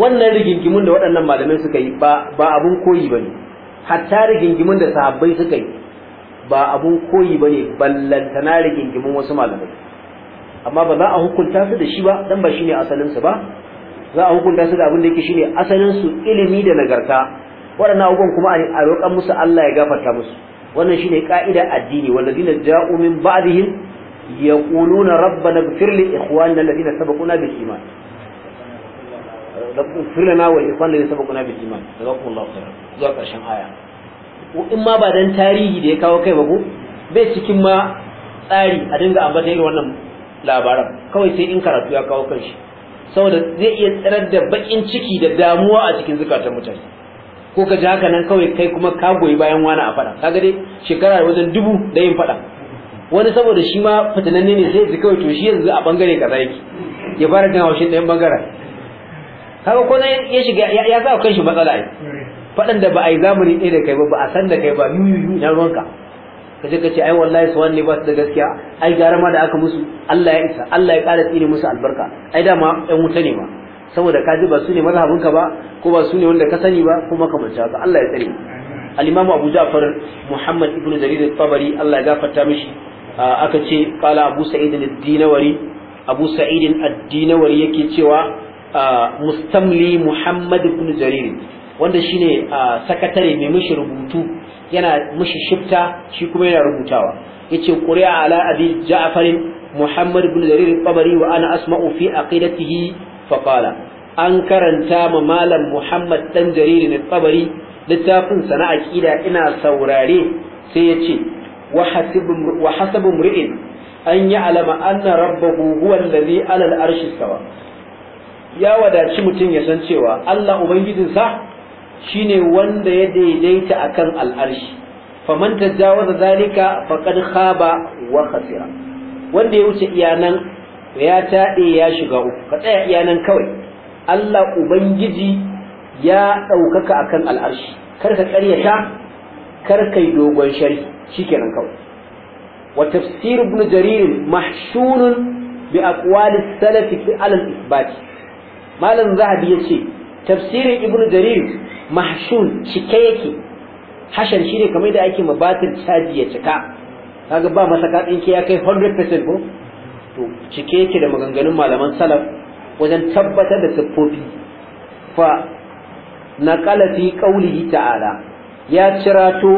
Speaker 1: wannan rigingimun da waɗannan malamai suka yi ba ba abun koyi bane hatta rigingimun da sahabbai suka yi ba abun koyi bane ballantana rigingimun wasu malamai amma ba za a hukunta su da shi ba dan ba shine asalin su ba za a hukunta su da abin da yake shine asalin su ilimi da nagarta waɗannan abubuwan kuma a roƙan musu Allah ya gafarta musu wannan shine ka'idar addini walladina ja'u min ba'dihim yaquluna rabbana ighfir li ikhwanina alladhina sabaquna bil iman ighfir lana wa ikhwanina alladhina sabaquna bil iman jazakumullahu khairan zuwa ƙarshen aya in ma ba dan tarihi da ya kawo kai ba ko bai cikin ma tsari a dinga ambata irin wannan labaran kawai sai in karatu ya kawo kanshi saboda zai iya tsirar da bakin ciki da damuwa a cikin zukatan mutane ko ka ji haka nan kawai kai kuma ka goyi bayan wani a faɗa kaga dai shekara wajen dubu da yin faɗa wani saboda shi ma fitananne ne sai ya kawai to shi yanzu a bangare kaza yake ya fara jin haushin ɗayan bangaren kaga ko ya shiga ya sa kan shi matsala ai faɗan da ba a yi zamani ɗaya da kai ba ba a san da kai ba yu yu na ruwanka ka je ka ce ai wallahi su wanne ba su da gaskiya ai gara ma da aka musu Allah ya isa Allah ya ƙara tsire musu albarka ai dama ɗan wuta ne ma saboda ka ji ba su ne mazhabinka ba ko ba su ne wanda ka sani ba ko mutunta ba Allah ya tsare al-Imam Abu Ja'far Muhammad ibn Jarir al-Tabari Allah ya gafarta mishi aka ce qala Abu Sa'id al-Dinawari Abu Sa'id al dinawari yake cewa mustamli Muhammad ibn Jarir wanda shine sakatare mai mishi rubutu yana mishi shifta shi kuma yana rubutawa yace qur'a ala abi ja'farin muhammad ibn jarir al-tabari wa ana asma'u fi aqidatihi faƙala an karanta ma malam muhammad ɗan jariri na tsabari littafin sana aƙida ina saurare sai ya ce wa hasabun ri'in an yi alama anna rabbahu huwa allazi alal arshi sawa ya wadaci mutum ya san cewa Allah ubangijinsa shine wanda ya daidaita akan al'arshi faman tajawaza zalika faqad khaba wa khasira wanda ya wuce iyanan to ya taɗe ya shiga uku ka tsaya iya nan kawai Allah ubangiji ya ɗaukaka akan al'arshi kar ka ƙaryata kar kai dogon shari shikenan kawai wa tafsir ibn jarir mahshunun bi aqwali salaf fi al isbat malam zahabi yace tafsirin ibn jarir mahshun cike yake hashan shine kamar da ake mabatir caji ya cika kaga ba masa katsin ya kai 100% ko to cike yake da maganganun malaman salaf wajen tabbatar da siffofi fa naqala fi qawlihi ta'ala ya cirato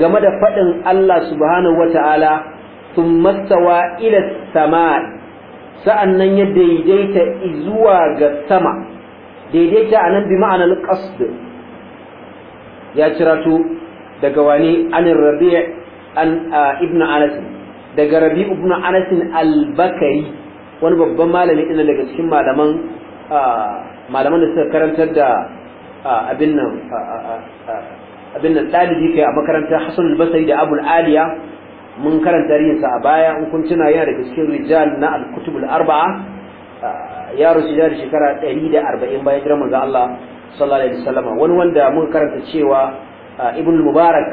Speaker 1: game da fadin Allah subhanahu wata'ala thumma tawa ila samai sa'annan ya daidaita zuwa ga sama daidaita anan bi ma'anar qasd ya cirato daga wani anin rabi' an ibn anas daga rabi ibn anas al-bakari wani babban malami ina daga cikin malaman malaman da suka karantar da abin nan abin nan dalibi kai a makarantar hasan al-basri da abul aliya mun karanta riyin a baya in kun tuna yana daga cikin rijal na al-kutub al-arba'a ya rusu da shekara 140 bayan jira manzo Allah sallallahu alaihi wasallam wani wanda mun karanta cewa ibn mubarak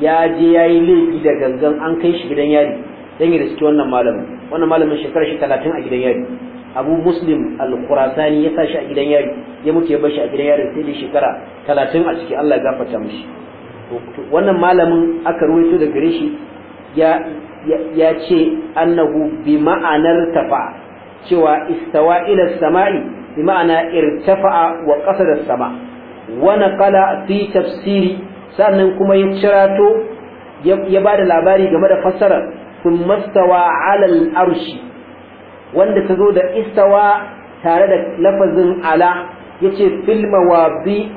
Speaker 1: ya je ya yi laifi da gangan an kai shi gidan yari don yi suke wannan malamin wannan malamin shekarar shi talatin a gidan yari abu muslim al-qurasani ya sa shi a gidan yari ya mutu ya bashi a gidan yari sai da shekara talatin a ciki allah ya gafarta mishi wannan malamin aka ruwaito da gare shi ya ce annahu bi ma'anar tafa cewa istawa ila sama'i bi ma'ana irtafa wa qasada sama wa naqala fi tafsiri sannan kuma ya cirato ya ba da labari game da fassarar sun mastawa alal arshi wanda ta zo da istawa tare da lafazin ala ya ce filmawa bi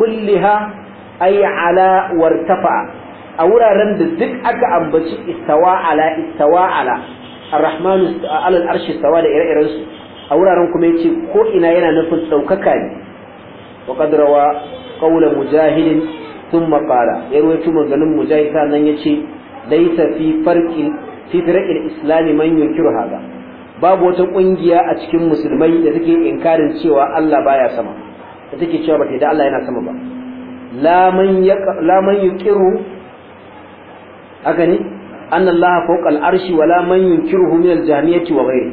Speaker 1: kulliha ay ala wartafa a wuraren da duk aka ambaci istawa ala istawa ala arrahmanu alal arshi istawa da ire-irensu a wuraren kuma ya ce ko ina yana nufin ɗaukaka ne wa qawla mujahid thumma qala ya rawaito maganin mujahid sannan yace laita fi farqi fi firqil islam man yunkiru hada babu wata kungiya a cikin musulmai da take inkarin cewa Allah baya sama da take cewa ba da Allah yana sama ba la man la man yuqiru haka ne anna Allah fawqa al-arshi wa la man yunkiruhu min al-jahmiyati wa ghairi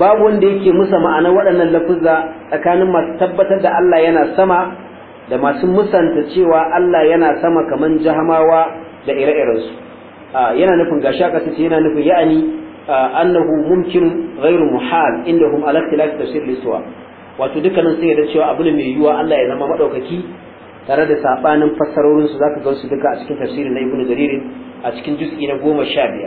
Speaker 1: babu wanda yake musa ma'ana waɗannan lafuzza tsakanin masu tabbatar da Allah yana sama da masu musanta cewa Allah yana sama kamar jahamawa da ire-irensu yana nufin gashi aka ce yana nufin ya'ani annahu mumkin ghairu muhal indahum ala ikhtilaf tafsir liswa wato dukkanin sun yarda cewa abu ne mai yiwuwa Allah ya zama madaukaki tare da sabanin fassarorin su zaka ga su duka a cikin tafsirin na Ibn Jarir a cikin juz'i na 15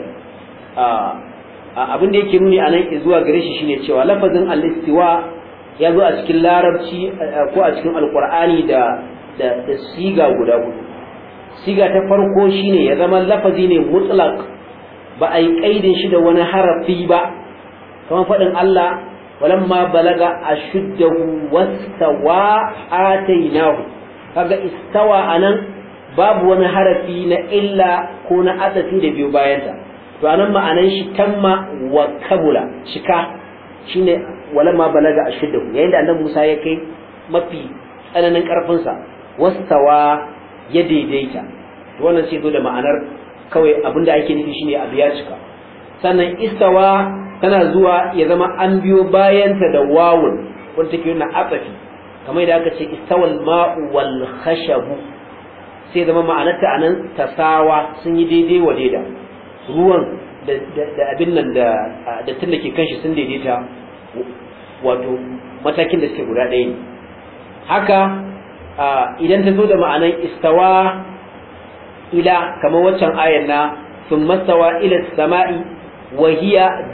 Speaker 1: a abin da yake nuni anan zuwa gare shi shine cewa lafazin al-istiwa ya zo a cikin larabci ko a cikin alkur'ani da da siga guda hudu siga ta farko shine ya zama lafazi ne mutlaq ba a yi kaidin shi da wani harafi ba kamar faɗin Allah walamma balaga ashuddahu wastawa atainahu kaga istawa anan babu wani harafi na illa ko na atati da biyu bayanta to anan ma'anan shi tamma wa kabula shika shine ma balaga ashiddahu yayin da annabi Musa ya kai mafi tsananin karfin sa wastawa ya daidaita to wannan sai zo da ma'anar kawai abinda ake nufi shine abu ya cika sannan istawa tana zuwa ya zama an biyo bayanta da wawun wanda take nuna atsafi kamar da aka ce istawal ma'u wal khashabu sai zama ma'anarta anan tasawa sun yi daidai wa daida ruwan da abin nan da tun da ke kanshi sun daidaita wato matakin da suke guda ɗaya ne haka idan ta zo da ma'anar istawa ila kamar waccan ayan na sun mastawa ila sama'i wa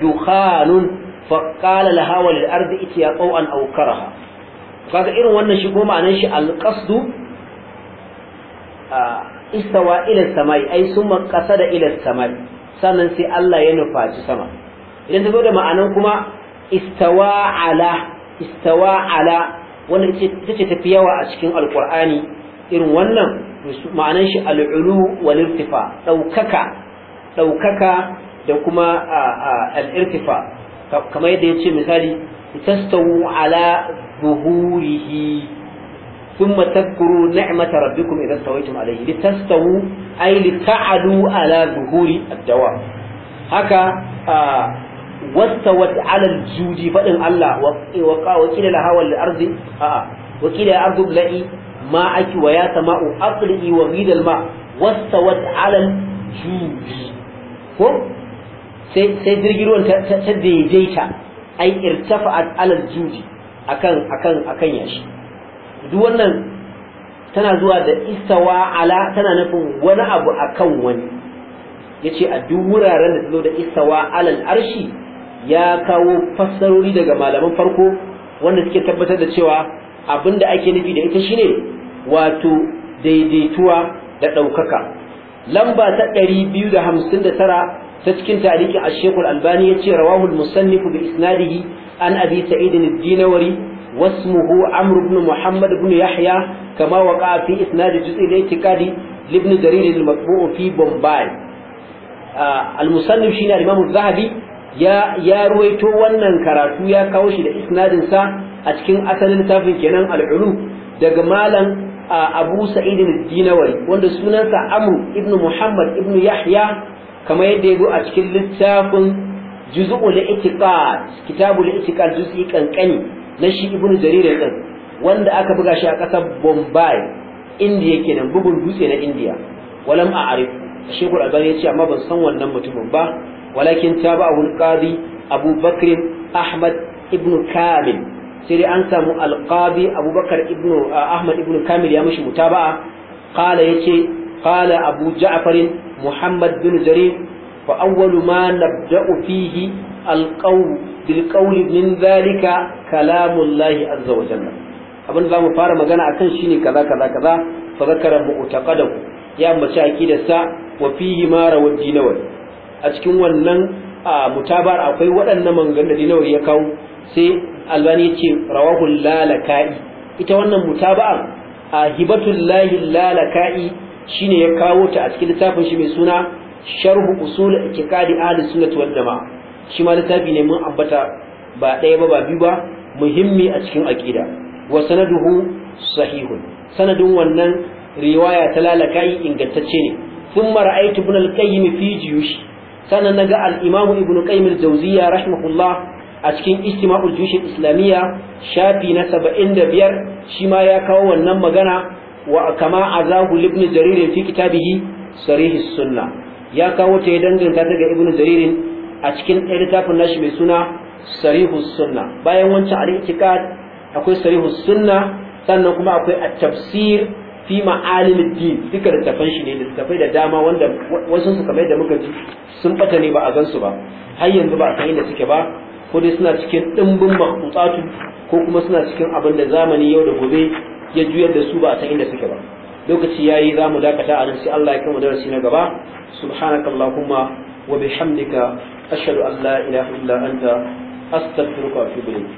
Speaker 1: dukhanun fa qala laha wal ardi itiya qaw'an aw karaha kaga irin wannan shi ko ma'anan shi al istawa ila sama'i ai summa da ila sama'i sannan sai Allah ya nufaci sama idan ta zo da ma'anan kuma istawa ala istawa ala wannan ita ce tafi yawa a cikin alkur'ani irin wannan ma'anar shi al'ulu wal irtifa daukaka daukaka da kuma al irtifa kamar yadda yace misali tastawu ala zuhurihi thumma tadhkuru ni'mata rabbikum idza stawaytum alayhi litastawu ay lita'alu ala zuhuri ad-dawa haka واستوت على الجود فإن الله Aa, لها والأرض آه وقيل يا أرض ابلئي ماءك wa سماء أقلئي وغيد الماء واستوت alal judi ko sai jirgin ruwan ta daidaita ai irtafa'at alal juji akan akan akan yashi duk wannan tana zuwa da istawa ala tana nufin wani abu akan wani yace a duk wuraren da zo da istawa alal arshi ya kawo fassarori daga malaman farko wanda suke tabbatar da cewa abinda ake nufi da ita shine wato daidaituwa da ɗaukaka lamba ta tara ta cikin tarihin ashekul albani ya ce rawahul musannifu bi isnadihi an abi sa'idin dinawari wasmuhu amr ibn muhammad ibn yahya kama waqa fi isnad juz'i al-i'tiqadi libn jarir al fi bombay ah, al-musannif shine al-imam al zahabi ya ya ruwaito wannan karatu ya kawo shi da isnadin sa a cikin asalin tafin kenan al ulum daga malam Abu Sa'id al-Dinawi wanda sunansa Amr ibn Muhammad ibn Yahya kama yadda yazo a cikin littafin Juz'ul Itiqad Kitabul Itiqad juz'i kankani na shi Ibn Jarir din wanda aka buga shi a ƙasar Bombay India kenan bugun dutse na India walam a'arif Sheikhul Albani ya ce amma ban san wannan mutumin ba walakin tabi'ahu al-qadi Abu Ahmad ibn Kamil sai an samu al-qadi Abu Bakr ibn ah, Ahmad ibn Kamil ya mishi mutaba'a qala yace qala Abu Ja'far Muhammad bin Jarir fa awwalu ma nabda'u fihi al-qawl min dhalika kalamullahi azza wa jalla abin da zamu fara magana akan shine kaza kaza kaza fa zakara mu'taqadahu ya ambaci aqidarsa wa fihi ma rawaddi nawai a cikin wannan mutabar akwai waɗannan maganganun da dinawar ya kawo sai albani ya ce rawahun lalaka'i ita wannan mutaba'ar a hibatun lahi lalaka'i shine ya kawo ta a cikin littafin shi mai suna sharhu usul iqtiqadi ahli sunnah wal jamaa shi ma littafi ne mun ambata ba ɗaya ba ba biyu ba muhimmi a cikin aƙida. wa sanaduhu sahihun sanadin wannan riwaya ta lalaka'i ingantacce ne sun mara aiki bunal qayyim fi jiyushi sannan na ga alimamu ibnu qayyim jauziya rahimahullah a cikin istima'ul jushin islamiyya shafi na saba'in da biyar, shi ma ya kawo wannan magana wa kama a zahu ibn Jaririn fi kitabihi sarihi sunna ya kawo ta ya danganta daga ibnu Jaririn a cikin littafin nashi mai suna Sarihu sunna bayan wancan al akwai Sarihu sunna sannan kuma akwai a tafsir fi ma'alimin din duka littafan shi ne littafai da dama wanda wasu su kamar da muka ji sun bata ne ba a gansu ba har yanzu ba a san inda suke ba ko dai suna cikin dimbin mahutatu ko kuma suna cikin abin da zamani yau da gobe ya juyar da su ba a san inda suke ba lokaci yayi za mu dakata a nan sai Allah ya kama darasi na gaba allahumma wa bihamdika ashhadu an la ilaha illa anta astaghfiruka wa atubu ilayk